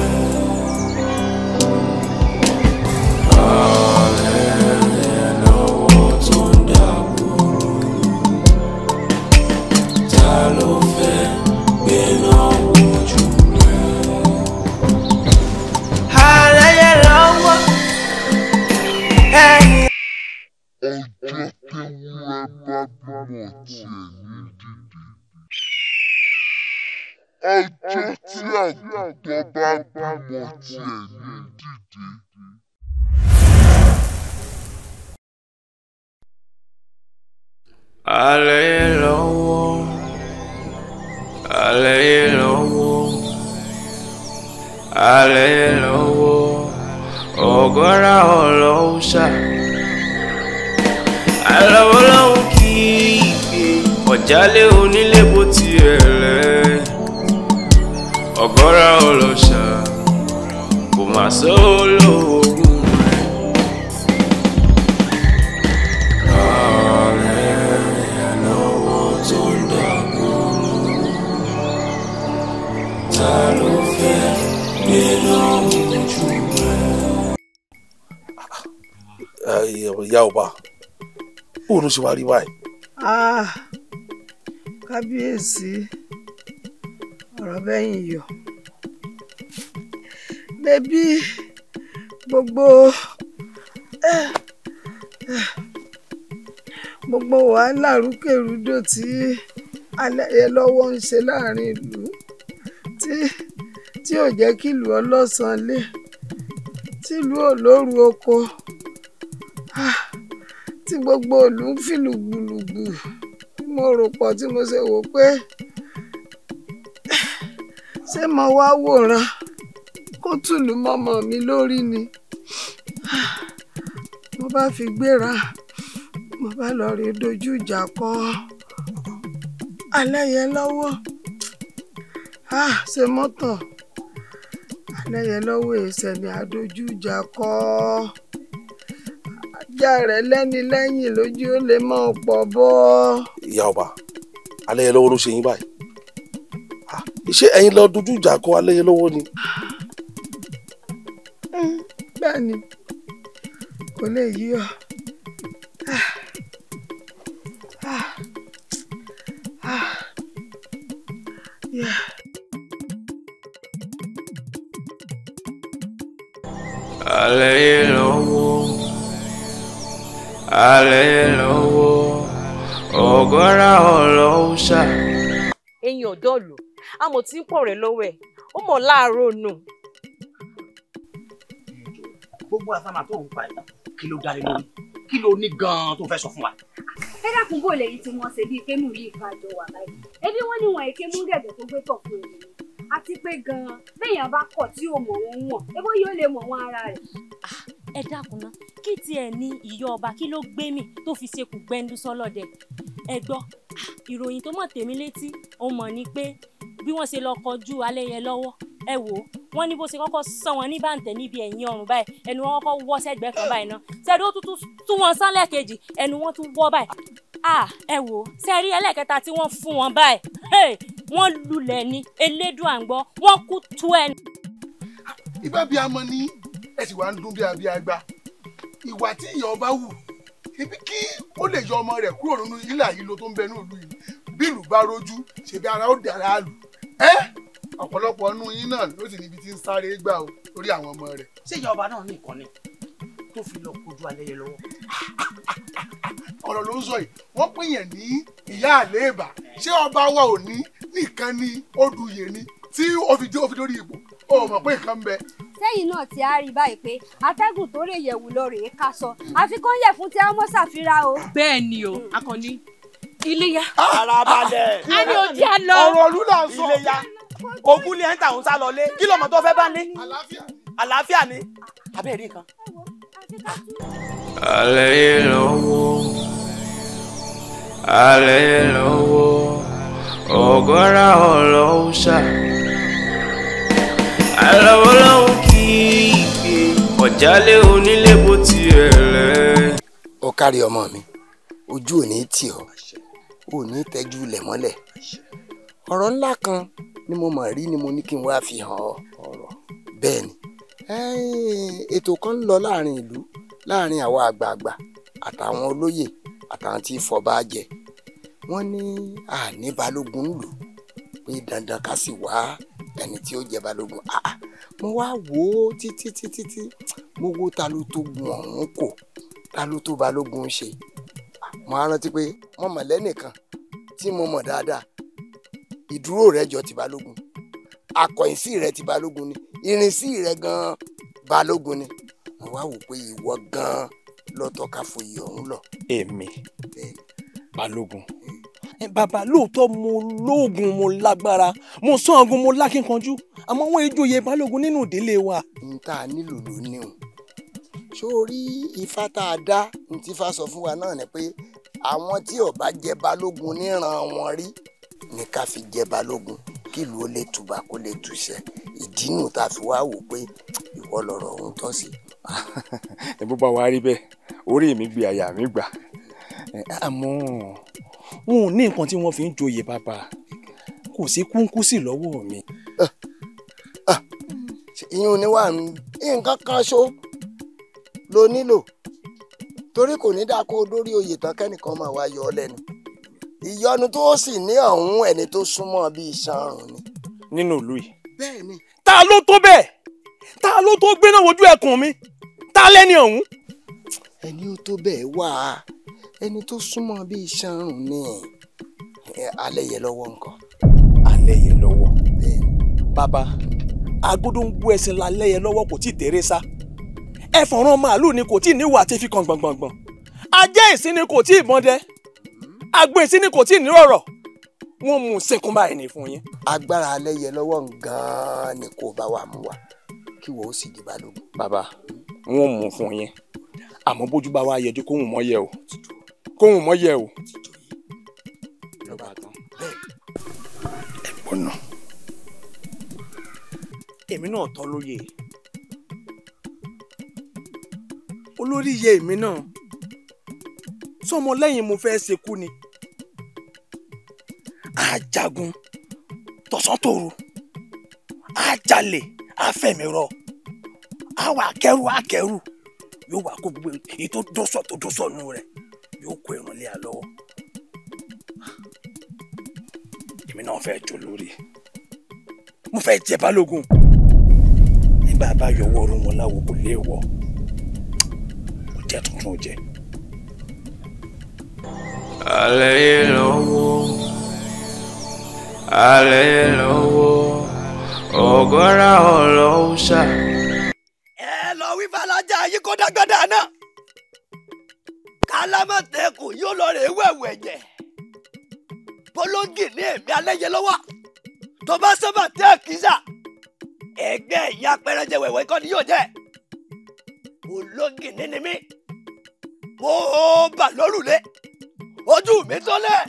Oh, ṣe wá rí báyìí. Ah, kábíyèsí ọ̀rọ̀ bẹ́yìn yọ bẹ́bí gbogbo gbogbo wàhálà rúkèrúdò tí alẹ́yẹ lọ́wọ́ ń ṣe láàrin ìlú tí tí ò jẹ́ kí ìlú ọlọ́sàn lé tìlú ò lóru oko gbogbo ìlú ń fìlù gbùlùgbù tí mo rò pọ̀ tí mo ṣe wò pé ṣé mo wá wòran kó tùlù mọ́mọ́ mi lórí ni mo bá fi gbéra mo bá lọ rí dojú ìjà kọ alẹ́ yẹn lọ́wọ́ ṣe mọ́tò alẹ́ yẹn lọ́wọ́ èsẹ̀ ni àdójú ìjà kọ́ já rẹ̀ lẹ́ni lẹ́yìn lójú ó lè mọ́ pọ̀ bọ́. ìyá ọba Aléyẹlówó ló ṣe yín báyìí ah, ṣé ẹ̀yin lọ dojú ìjà kọ Aléyẹlówó ni. Hmm, bẹ́ẹ̀ kò lè yí ọ. Ah, ah, yeah. Aléyẹlówó alẹ́ lọ́wọ́ ọ̀gọ́ra ọlọ́ọ̀ṣà. ẹ̀yin ọ̀dọ́ lò àmọ́ tí ń pọ̀ rẹ̀ lọ́wọ́ ẹ̀ ó mọ̀ láàárọ̀ nù. gbogbo àtàmà tó ń pa ẹ̀ kí ló darí lórí kí ló ní gan-an tó fẹ́ sọ fún wa. ẹ dákun bò lẹ́yìn tí wọ́n ṣe bíi kémù yìí ká jọ wà báyìí ebi wọ́n ní wọn èké mú gẹ̀gẹ̀ tó gbé tọ̀ fún èmi àti pé gan-an béèyàn bá kọ̀ tí ò mọ̀ wọn wọ̀n ebó yóò lè mọ̀ wọn ara rẹ̀ ẹ dákun ná kí tiẹ̀ ní ìyá ọba kí ló gbé mì tó fi ṣekú gbẹ́ndú sọ́lọ́dẹ ẹ gbọ́ ah, ìròyìn tó mọ̀ tèmi létí ó mọ̀ ni pé bí wọ́n ṣe lọ kọjú alẹ́ yẹn lọ́wọ́ ẹ wò ó wọ́n ní bó ṣe kọ́kọ́ sàn wọ́n ní bàǹtẹ̀ níbi ẹ̀yìn ọrùn báyìí ẹnu wọn kọ́kọ́ wọ́ sẹ́gbẹ́ kan báyìí ná sẹ́ẹ̀dí ó tún tún wọn sán lẹ́ẹ̀kejì ẹnu wọn tún wọ́ báyìí ah ẹ wò ó sẹ́ẹ̀rí ẹlẹ́ẹ̀kẹta tí wọ́n fún wọn báyìí wọ́n lulẹ̀ ní elédùn àgbọ̀ wọ́n kú tú ẹni. Ah, ìbábi amọ̀ ni ẹ sì wá ń dún bí abí agba ìwà tí ìyá ọba wù ibi kí ó lè yọ ọmọ rẹ̀ kúrò nínú ilà yìí ló tó ń bẹ ní ìlú yìí bí ìlú bá rojú ṣèbí ara ó dára lù ẹ ọ̀pọ̀lọpọ̀ ọnú yín náà ló sì níbi tí ń sáré gbà ó lórí àwọn ọmọ rẹ̀. ṣé ìyá ọba náà ní ìkànnì tó fi lọ kojú Alẹ́yẹ lọ́wọ́. ọ̀rọ̀ ló ń sọ yìí wọ́n pín yẹn ní ìyá àléébà ṣé ọba wa ò ní nìkan ni ó duyè ni tí o fi dé o fi dórí ipò o mọ̀ pé nǹkan ń bẹ. sẹ́yìn náà ti á rí báyìí pé atẹ́gùn tó rè yẹ̀wù lọ rèé ká sọ àfi kó ń yẹ̀ fún tí ọmọ ṣàfihàn o. bẹ́ẹ̀ ni o akọni iléyà. ara balẹ̀. a ní ojú ẹ lọ. ọ̀rọ̀ olú là ń sọ. iléyà ogún ni ẹ̀ ń tà ń sá lọ lé kí lọ́mọ tó fẹ́ bá ní. àlàáfíà ni abẹ́rẹ́ kan. alẹ́ lọ́wọ́ alẹ́ lọ́wọ́. Ogora ọ̀rọ̀ ọ̀ṣà aláwọ̀láwọ̀ kì í gbé ọ̀jálẹ̀ onílé bó ti rẹ̀. ó kárí ọmọ mi ojú ò ní tì ọ́ ò ní tẹ́jú ilẹ̀ mọ́lẹ̀ ọ̀rọ̀ ńlá kan ni mo mọ̀ rí ni mo ní kí n wá fi hàn ọ́ bẹ́ẹ̀ ni ètò kan ń lọ láàrin ìlú láàrin àwa àgbààgbà àtàwọn olóyè àtàwọn tí fọba jẹ wọ́n ní àní balógun lò pé dandan ká sì wá ẹni tí ó jẹ balógun ah mo wá wò ó títí títí tí mo wo ta ló tó gun ọ̀hún kò ta ló tó balógun ṣe mo á rántí pé mo mọ̀ lẹ́nìkan tí mo mọ̀ dáadáa ìdúró rẹ jọ ti balógun akọ̀yìnsí rẹ ti balógun ni ìrìnsí rẹ gan balógun ni mo wá wò pé ìwọ gan lọ́tọ̀ ká foyì ọ̀hún lọ. èmi. bẹ́ẹ̀ni balógun bàbá lóòótọ́ mo lóògùn mo lágbára mo sọ́ọ̀gùn mo lákínkanjú àmọ́ wọ́n ìjòyè balógun nínú ìdílé wa. n ta nílò ló ní o sórí ifá tá a dá ní tí ifá sọ fún wa náà ni pé àwọn tí ó bá jẹ balógun níran wọn rí ni ká fi jẹ balógun kílùú ó lè tùbà kó lè túṣẹ ìdí nù tá a fi wá wò pé ìwọ lọ́rọ̀ òun tọ́ sí. ẹ bó bá wa rí bẹ́ẹ̀ orí mi gbé àyà mi gbà àmọ́ wọn ò ní nǹkan tí wọ́n fi ń joyè bàbá kò sí kúńkúsì lọ́wọ́ mi. Ah, ah, ìyẹn ò ní wà mí nǹkan kan ṣo ló nílò torí kò ní dáa kó lórí oyè tán kẹ́nìkan máa wá yọ ọ lẹ́nu ìyọnu tó sì ní ọ̀hún ẹni tó súnmọ́ bíi sanrun ni. nínú ìlú yìí. bẹ́ẹ̀ ni. ta ló tó bẹ́ẹ̀ ta ló tó gbéná wojú ẹkùn mi ta lẹ́ni ọ̀hún. ẹni ó tó bẹ́ẹ̀ wà á ẹni tó súnmọ́ bíi ìṣàrùn ni alẹ́ yẹn lọ́wọ́ nǹkan. alẹ́ yẹn lọ́wọ́ bàbá agbódò ń gbó ẹsẹ̀ lálẹ́ yẹn lọ́wọ́ kò tí ì tẹ̀rẹ́ sá ẹ̀fọ̀ràn màálù ni kò tí ì níwò àti fi kàn gbọ̀ngbọ̀ngbọ̀n ajé ìsinmi kò tí ì mọ́dẹ́ agbo ìsinmi kò tí ì nírọ̀rọ̀ wọ́n mú un sẹ́kún báyìí ní fún yín. agbára alẹ́ yẹn lọ́wọ́ gan-an ni kò bá wà mú wa kí wọ́n sì di balógun. bàbá wọn mú un fún yín àmọ́ bójú bá wa yẹ dé kó mọ́ yẹ o kóhun mọ́ yẹ o. ẹ gbọ́nà. èmi náà tọ́ lóye olórí yẹ èmi náà sọmọ lẹ́yìn mo fẹ́ ṣekú ni àjagun tọ̀sán-tòru àjalè àfẹ̀mírọ̀ àwọn akẹ́rù akẹ́rù yóò wá kó gbogbo èyí tó dọ́sọ̀ tó dọ́sọ̀ nù rẹ̀ yóò kó irun lé a lọ́wọ́ èmi náà fẹ́ jọ lórí mo fẹ́ jẹ balógun nígbà bá yọwọ́ ọrùn wọn láwo kò lè wọ kò jẹ tuntun jẹ. alẹ́ lọ́wọ́ alẹ́ lọ́wọ́ ọ̀gọ́ra ọ̀rọ̀ ẹ lọ wí fàlàjà yìí kó dágbádá náà alámọ̀tẹ́kùn yóò lọ rè wẹ̀wẹ̀ jẹ̀ polongi ní èmi alẹ́yẹ lọ́wọ́ tó bá sábà tẹ́ àkísà ẹgbẹ́ ìyá pẹrẹjẹ wẹ̀wẹ̀ kọ́ ni yóò jẹ́ polongi ní ni mí mo bà lórùlé ojú mi tọ́lẹ̀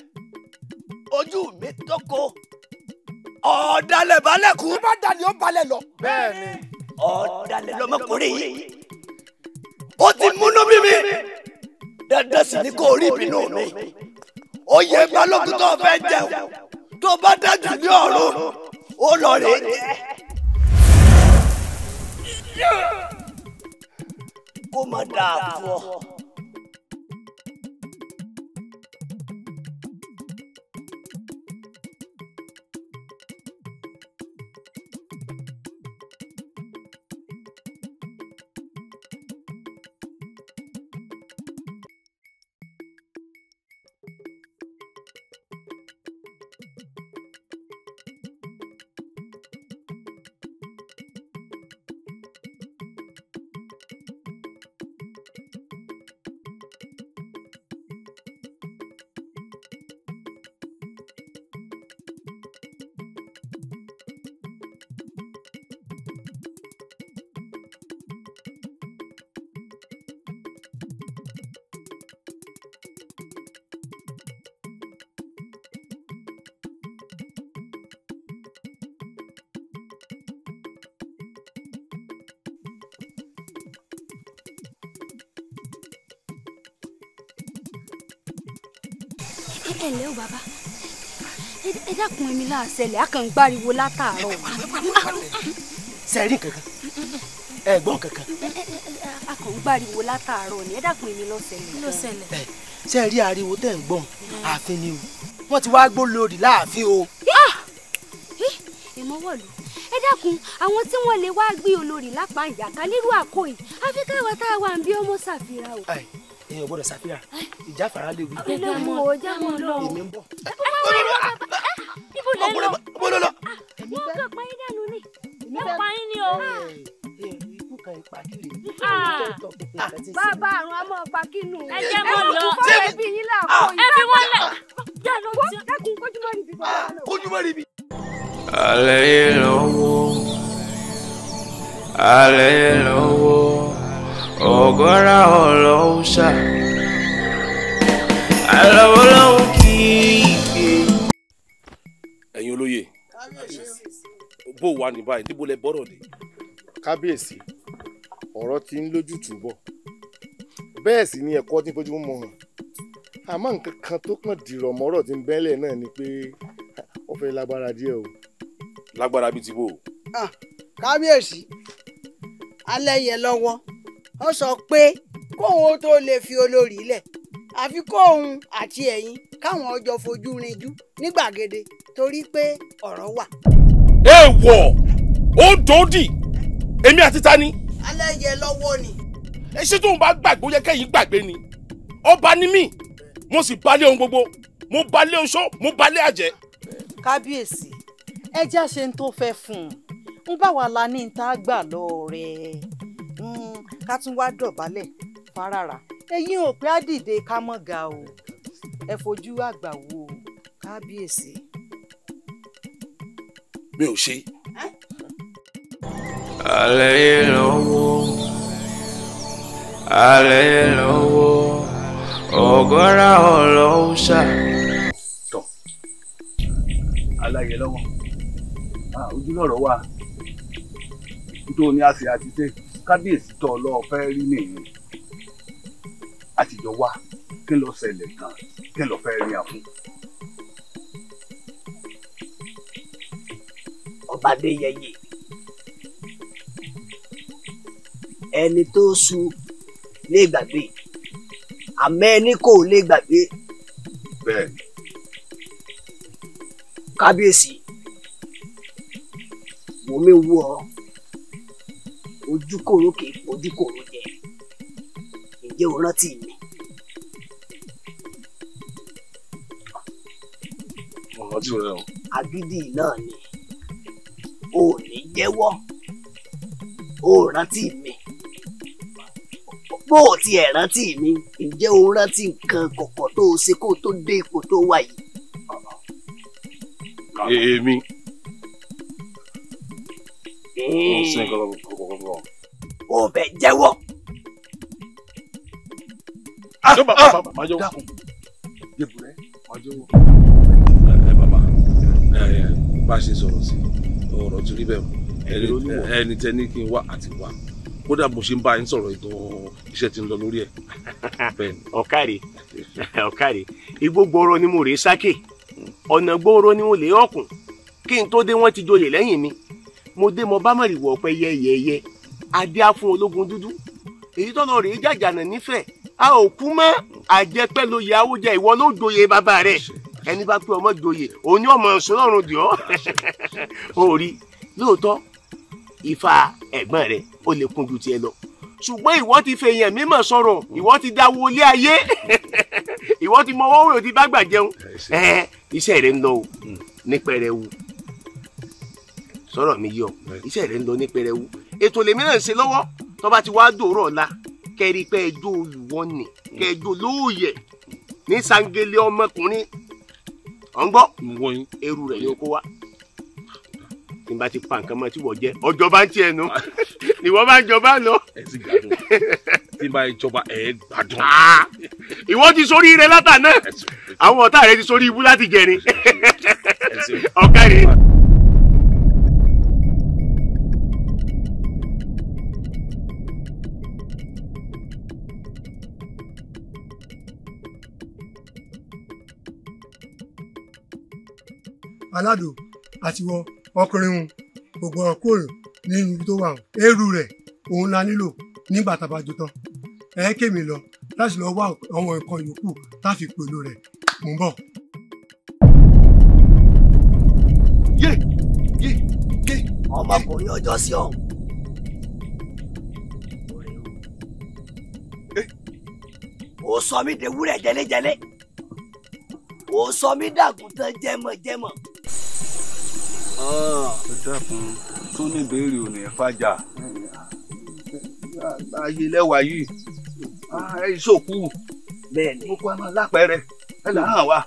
ojú mi tọ́kọ ọ̀dàlẹ̀ balẹ̀ kú. bí bá dalẹ̀ ó balẹ̀ lọ. bẹ́ẹ̀ni ọ̀dàlẹ̀ lọmọkùnrin yìí ó ti múnú mímí náà sì ní kó rí ìbínú mi oyè balógun tó fẹ́ jẹun tó bá dájú ní ọ̀run ó lọ rè é jẹ. kó má dáa fún ọ. ẹ ǹlẹ́ o bàbá ẹ dákun èmi náà ṣẹlẹ̀ akàngbáriwo látàárọ̀. sẹ́ẹ̀rì kankan ẹ̀gbọ́n kankan. akàngbáriwo látàárọ̀ ni ẹ dákun èmi lọ ṣẹlẹ̀. lọ ṣẹlẹ̀. sẹ́ẹ̀rì ariwo tẹ̀ ń gbọ́n ààfin ni o wọ́n ti wáá gbó lórí láàfin o. ìmọ̀wọ̀ ah! ló ẹ dákun àwọn tí wọ́n lè wáá gbé olórí lápá ìyàká nírú àkóyè àfikẹ́wọ̀ tá a wà ń bí ọmọ ṣàfihàn o. ẹ ẹ gbọ́dọ̀ ṣàfihàn ìjáfara lè wí. ilé ò já mọ lọ. èmi ń bọ̀. ibo lè lọ. ibo lè lọ. wọn kàn pa yín dànù ni. ẹ pa ni o. Eh, eh, ikú kan ipa kiri. Ah. bàbá àrùn a máa pa kínú. ẹ jẹ́ mọ lọ. ẹ mú kí fọ́ọ̀rẹ́ bí yín là kó yín. ẹ fi wọ́n lẹ̀. Ah! dákun kójúmọ́ ríbi. Ah! kójúmọ́ ríbi. alẹ́ yìí lọ́wọ́ alẹ́ yìí lọ́wọ́ ọ̀gọ́ra ọ̀lọ́wọ́ ṣáà. wà ní báyìí níbo lẹ bọ́rọ̀ dé. kábíyèsí ọ̀rọ̀ ti ń lójútùú bọ̀ bẹ́ẹ̀ sì ni ẹ̀kọ́ tí ń fojú mọ́ hàn àmọ́ nǹkan kan tó kàn dìrọ̀ mọ́rọ̀ tí ń bẹ́lẹ̀ náà ni pé ó fẹ́ lágbára díẹ̀ o. lágbára bíi ti bò. kábíyèsí alẹ́ yẹn lọ́wọ́ ó sọ pé kóun tó lè fi olórí lẹ̀ àfi kóun àti ẹ̀yin káwọn ọjọ́ fojú rinjú ní gbàgede torí pé ọ̀rọ̀ wà èèwọ̀ o dòódì èmi àti ta ni. aláyẹ lọ́wọ́ ni. ẹ ṣé tóun bá gbàgbé ó yẹ kẹ́yìn gbàgbé ni ọba ni mí mo sì balẹ̀ ohun gbogbo mo balẹ̀ oṣó mo balẹ̀ àjẹ́. kábíyèsí ẹjẹ́ ṣe ń tó fẹ́ fún un ń bá wa la ní ta gbà lọ rẹ̀ hmm, ká tún wá dọ̀bálẹ̀ fárára ẹ̀yin ò pé á dìde ká mọ̀ ga o ẹ fojú àgbà wo kábíyèsí mi ò ṣe. alẹ́ yẹ lọ́wọ́ alẹ́ yẹ lọ́wọ́ ọ̀gọ́ra ọ̀rọ̀ ọ̀ṣà. tọ́ aláyẹ lọ́wọ́ ojúlọ̀rọ̀ wà nítorí ní àṣẹ àti ṣe kábíyèsí tọ́ ọ lọ́ọ́ fẹ́ rí nìyẹn àtijọ́ wà kí ló ṣẹlẹ̀ gan kí ló fẹ́ rí àfún. ọba Adéyẹyè ẹni tó su lè gbàgbé àmọ́ ẹni kò lè gbàgbé. bẹ́ẹ̀ni. kábíyèsí wò mí wú ọ ojúkòrò kì í ojúkòrò jẹ ǹjẹ́ o rántí mi. mo o. agídí náà ni ò ní jẹ́wọ́ ò rántí mi bó o tiẹ̀ rántí mi ǹjẹ́ o rántí nǹkan kọ̀kọ̀ tó o ṣe kó o tó dé ipò tó wà yìí. èmi. Hmm. o bẹ̀ jẹ́wọ́. dákun ah, ah, ah. jẹ́bùrẹ́ ẹ bá ṣe sọ̀rọ̀ sí i ọ̀rọ̀ ti rí bẹ́ẹ̀ mọ́ ẹni tẹ́ ní kí n wá àti wá kódà mo ṣe ń bá yín sọ̀rọ̀ ètò iṣẹ́ tí ń lọ lórí ẹ̀. ọ̀kàrè ọ̀kàrè igbó gbòòrò ni mo rèé sákè ọ̀nà gbòòrò ni mo lè ọ̀kùn kí n tó dé wọ́n ti jolè lẹ́yìn mi mo dé mo bá mọ̀rìwọ̀ ọ̀pẹ yẹ́yẹ́yẹ́ adé á fún ológun dúdú èyí tọ́nà rèé jàjànà nífẹ̀ẹ́ a ò kú mọ́ àjẹpẹ́ lóye àwòjẹ ìwọ ló joyè bàbá rẹ̀ ẹni bá pé ọmọ joyè òun ni ọmọ sọlọ́run dì ọ́ òòrí lóòótọ́ ifá ẹ̀gbọ́n rẹ ó lè kún ju tiẹ̀ lọ ṣùgbọ́n ìwọ ti fèèyàn mímọ̀ sọ̀rọ̀ ìwọ ti da wọlé ayé ìwọ ti mọwọ́ wúlò ti bá gbà jẹun iṣẹ́ rẹ ń lọ o hmm. ní pẹrẹwu sọ̀rọ̀ mi yọ iṣẹ́ rẹ ń lọ ní pẹrẹwu ètò lèmi náà ń ṣe lọ́wọ́ tó bá ti wá dòrò ọ̀la kẹrí pé ẹjọ́ olùwọ́nì kẹjọ́ lóòyẹ̀ ní sangele ọmọkùnrin ọ̀n gbọ́ eru rẹ̀ ni o kó wa tí bá ti pa nǹkan mọ́ tí wọ́n jẹ́ ọjọ́ ń tiẹ̀ nu ni wọ́n bá ń jọba lọ. ẹ ti gbádùn tí bá jọba ẹ gbádùn. ìwọ ti sórí rẹ látà náà àwọn ọ̀tá rẹ ti sórí ibú láti jẹrin ọ̀gá rẹ. aládò àtiwọ ọkùnrin wọn gbogbo ọ̀rọ̀ kúrò nínú ibi tó wà wọn. eérú rẹ̀ òun la nílò nígbà tá a bá jó tán ẹ kémi lọ láti lọ wá àwọn nǹkan yòókù tá a fi pèlò rẹ̀ mò ń bọ̀. yé yé yé. ọmọkùnrin ọjọ́ sí ọ̀hún. ó sọ mí de wúrẹ́ jẹlẹ́jẹlẹ́ ó sọ mí dàgùntàn jẹmọ̀jẹmọ̀ ẹ ní ìbéèrè ò ní fàjà ayé lẹ́wà yìí ah, ẹ ìṣòkú bẹ́ẹ̀ni mo kọ́ ẹ ẹ là hàn wá.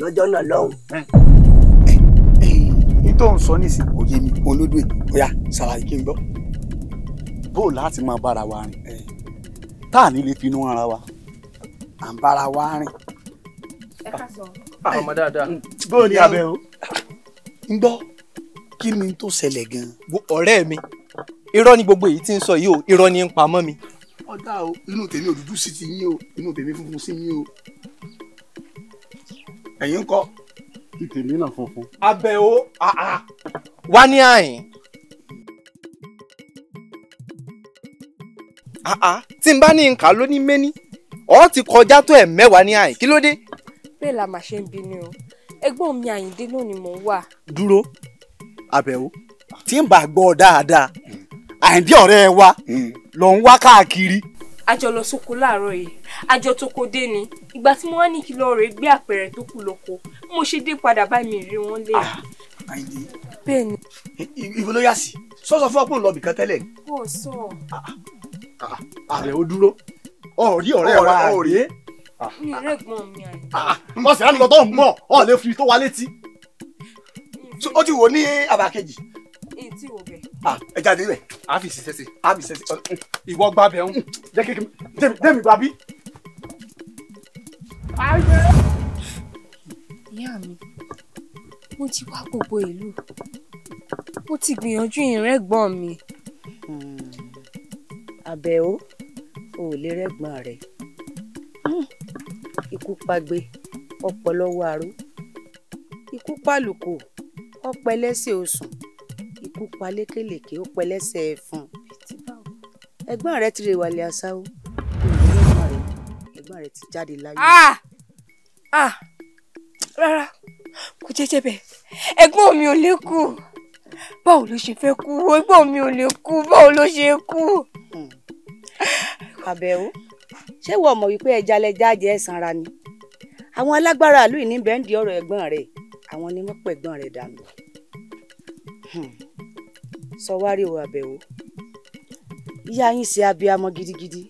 lọ́jọ́ náà lọ́hùn. ní tó sọ nísìn òye mi olódò ìgbóyà ṣàlàyé kí n gbọ́ bó láti máa bára wa rìn tá à ní lè finú ara wa à ń bára wa rìn. ẹ ká sọ. àwọn ah, ọmọ dáadáa. bó o ní abẹ́ o ń gbọ́ kí ni tó ṣẹlẹ̀ gan-an. ọ̀rẹ́ mi irọ́ ni gbogbo èyí tí ń sọ yìí o irọ́ ni ń pamọ́ mi. ọ̀dà o inú tèmi ò dúdú sí ti yín o inú tèmi funfun sí yín o ẹ̀yin kọ́. ìtèmí náà funfun. abẹ o ah, ah. wá ní àyìn. Ah, tí n bá ní nǹkan ló ní méní ọ ti kọjá tó ẹ̀ mẹ́wàá ní àyìn kí ló dé. bẹ́ẹ̀ la màá ṣe ń bínú o ẹ̀gbọ́n mi àyíndé náà ni mò ń wà. dúró àbẹ̀wò tí ń bá gbọ́ dáadáa àyíndé ọ̀rẹ́ wa ló ń wá káàkiri. àjọ lọ sóko láàárọ̀ yìí àjọ tó kó dé ni ìgbà tí mo wá ní kí lọ rè gbé àpẹẹrẹ tó kù lóko mo ṣe dé padà bá mi rí wọn lé. Ah, àyíndé bẹ́ẹ̀ ni. ìwé ló yà sí sọ́sọ́ fún ọgbọ́n lọ́ọ̀bì kan tẹ́lẹ̀. ó sọ. Ah, ah, àbẹ̀wò dúró ọ̀rí ọ̀rẹ́ wa ọ̀rẹ́ mi rẹ̀ gbọ́n mi àìdá. Ah, ah, wọ́n sì rán mi lọ tọ́hún mọ́ ọ lè fi tó wa létí. ó ti wò ní àbá kejì. èyí tí wò bẹ̀. Ah, ẹ jáde rẹ̀. a fi ṣiṣẹ́ sí. a fi ṣiṣẹ́ sí. Mm, ìwọ gba bẹ̀ ń. jẹ́ kékeré dẹ́mi babi. ìyá mi mo ti wá gbogbo ìlú mo ti gbìyànjú ìrẹ́gbọ̀n mi. Hmm. àbẹ̀wò o ò lè rẹ́gbọ̀n rẹ̀ ikú pagbe ọ̀pọ̀lọ́wọ́ àró ikú pàlùkò ọ̀pẹ̀lẹ́sẹ̀ osùn ikú palékèlèké ọ̀pẹ̀lẹ́sẹ̀ ẹ̀fọn ẹ̀gbọ́n rẹ ti rè wàlẹ̀ àṣàwò ẹ̀gbọ́n rẹ ti jáde láyé. ah ah rárá kò jẹjẹ bẹ́ẹ̀ ẹ̀gbọ́n mi ò lè kú báwo ló ṣe fẹ́ kú ẹ̀gbọ́n mi ò lè kú báwo ló ṣe kú. Hmm. àbẹ̀wò ṣé wọ́n mọ̀ wípé ẹja lẹja jẹ́ sanra ni àwọn alágbára ìlú ìní bẹ́ẹ̀ ń di ọ̀rọ̀ ẹ̀gbọ́n rẹ̀ àwọn ni wọ́n pẹ̀gbọ́n rẹ̀ dànù hmm. sọwárí o àbẹ̀wò ìyá yín ṣe abiyamọ gidigidi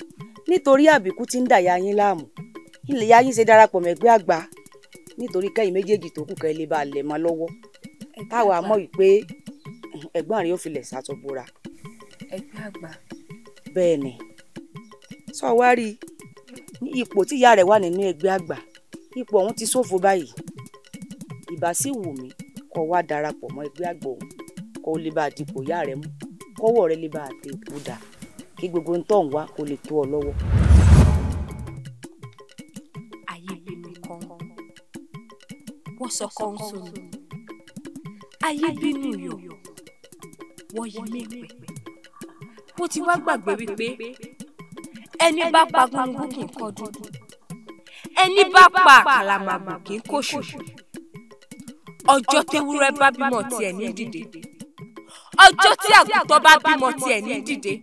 nítorí àbíkú tí ń dà ya yín láàmú ilé ya yín ṣe darapọ̀ mẹ́gbẹ́ àgbà nítorí kẹ́yìn méjèèjì tó kù kẹ́ lè bá a lẹ̀ mọ́ lọ́wọ́ táwa mọ̀ wípé hmm, ẹ̀gbọ́n rẹ̀ ó filẹ̀ ṣàtọ̀bọ̀ra. ẹgbẹ́ àgbà. bẹ́ẹ̀ ni sọ̀wárí. So ní ipò tí ìyá rẹ̀ wà nínú ẹgbẹ́ àgbà ipò ọ̀hún ti ṣòfò báyìí ìbá sì wù mí kó wá darapọ̀ mọ́ ẹgbẹ́ àgbà ọ̀hún kó lè bá àdìpò ìyá rẹ̀ mú kọ́wọ́ rẹ̀ lè bá àti èkó dà kí gbogbo ń tọ̀hún wá kó lè tó ọ lọ́wọ́. ayé bí mi kan wọ́n sọ kan sómi ayé bínú yọ̀ wọ́n yí mi pẹ̀ mo ti wá gbàgbé wípé ẹni bá pa gbùngbùn kì í kọ́ dúdú ẹni bá pa àkàlàmàgbò kì í kóṣù ọjọ́ tewúrẹ́ bá bímọ tiẹ̀ ní dìde ọjọ́ tí àgùntàn bá bímọ tiẹ̀ ní dìde.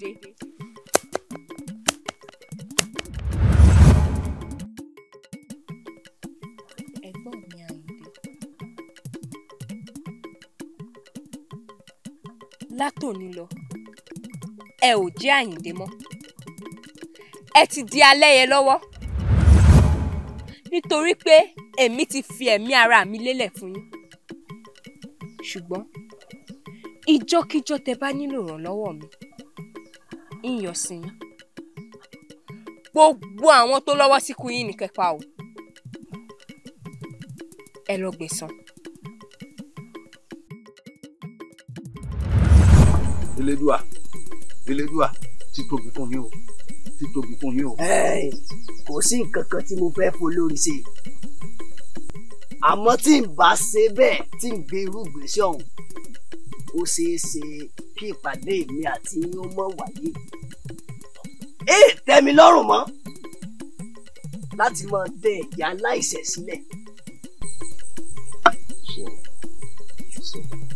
látòní lọ ẹ ò jẹ́ àyíǹde mọ́ ẹ ti di alẹ́ yẹn lọ́wọ́ nítorí pé èmi ti fi ẹ̀mí ara mi lélẹ̀ fún yín ṣùgbọ́n ìjọ́kíjọ́ tẹ bá nílò ìrànlọ́wọ́ mi ìyàn sí yín gbogbo àwọn tó lọ́wọ́ síkú yín ní kẹpa o ẹ lọ gbẹ̀san. elédùà elédùà ti tóbi fún mi o ti tóbi fún yín o. kò sí nǹkan kan tí mo fẹ́ fún olórí ṣe àmọ́ tí n bá ṣe bẹ́ẹ̀ tí n gbé irú gbèsè ọ̀hún ó ṣeé ṣe kí ìpàdé mi àti yín ó mọ̀ wáyé èè tẹ́ lọ́rùn mọ́ láti máa dẹ ẹ̀jẹ̀ aláìṣẹ̀ sílẹ̀. Sure. Sure.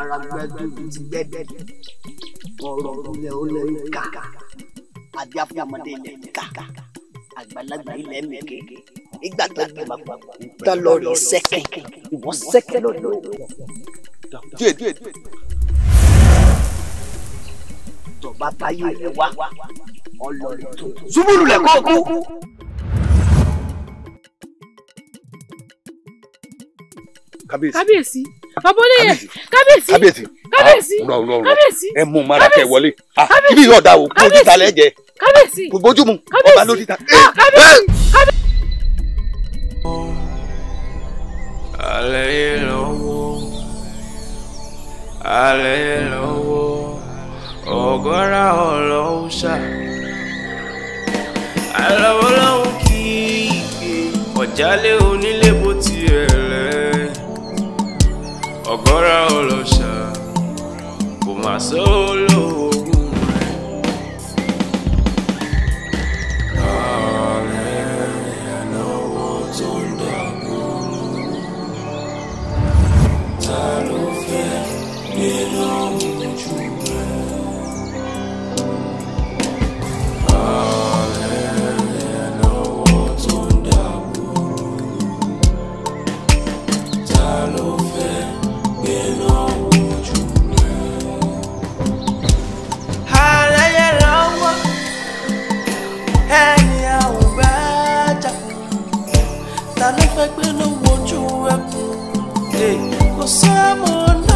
ara gbẹdú ti gbẹdẹ ọ̀rọ̀ ilẹ̀ olè ká abiafọmọdé ilẹ̀ ká àgbàlagbà ilẹ̀ mẹkẹ ìgbà tó gbé bàbá gbà lórí sẹkẹ ìwọ sẹkẹ lórí tọba táyé rẹ wá ọlọrin tó. zubúlù lẹ kọ́ kábíyèsí. kábíyèsí abọ́lé yẹn kábíyèsí kábíyèsí kábíyèsí kábíyèsí ah, ẹ mú mara kẹ wọlé ah, ibi yóò da o bójú ta lẹ jẹ kábíyèsí bójú mu ọba lójú ta. Ah, eh, eh. alẹ́ yìí lọ́wọ́ alẹ́ yìí lọ́wọ́ ọ̀gọ́ra ọlọ́wọ́sà alọ́wọ́lọ́wọ́ kì í ọ̀jálẹ̀ onílẹ̀. ọ̀gọ́ra olóṣà kò má sówó lówó. fẹ́ gbé lówó ojú ẹ̀ kò sẹ́mọ̀ náà.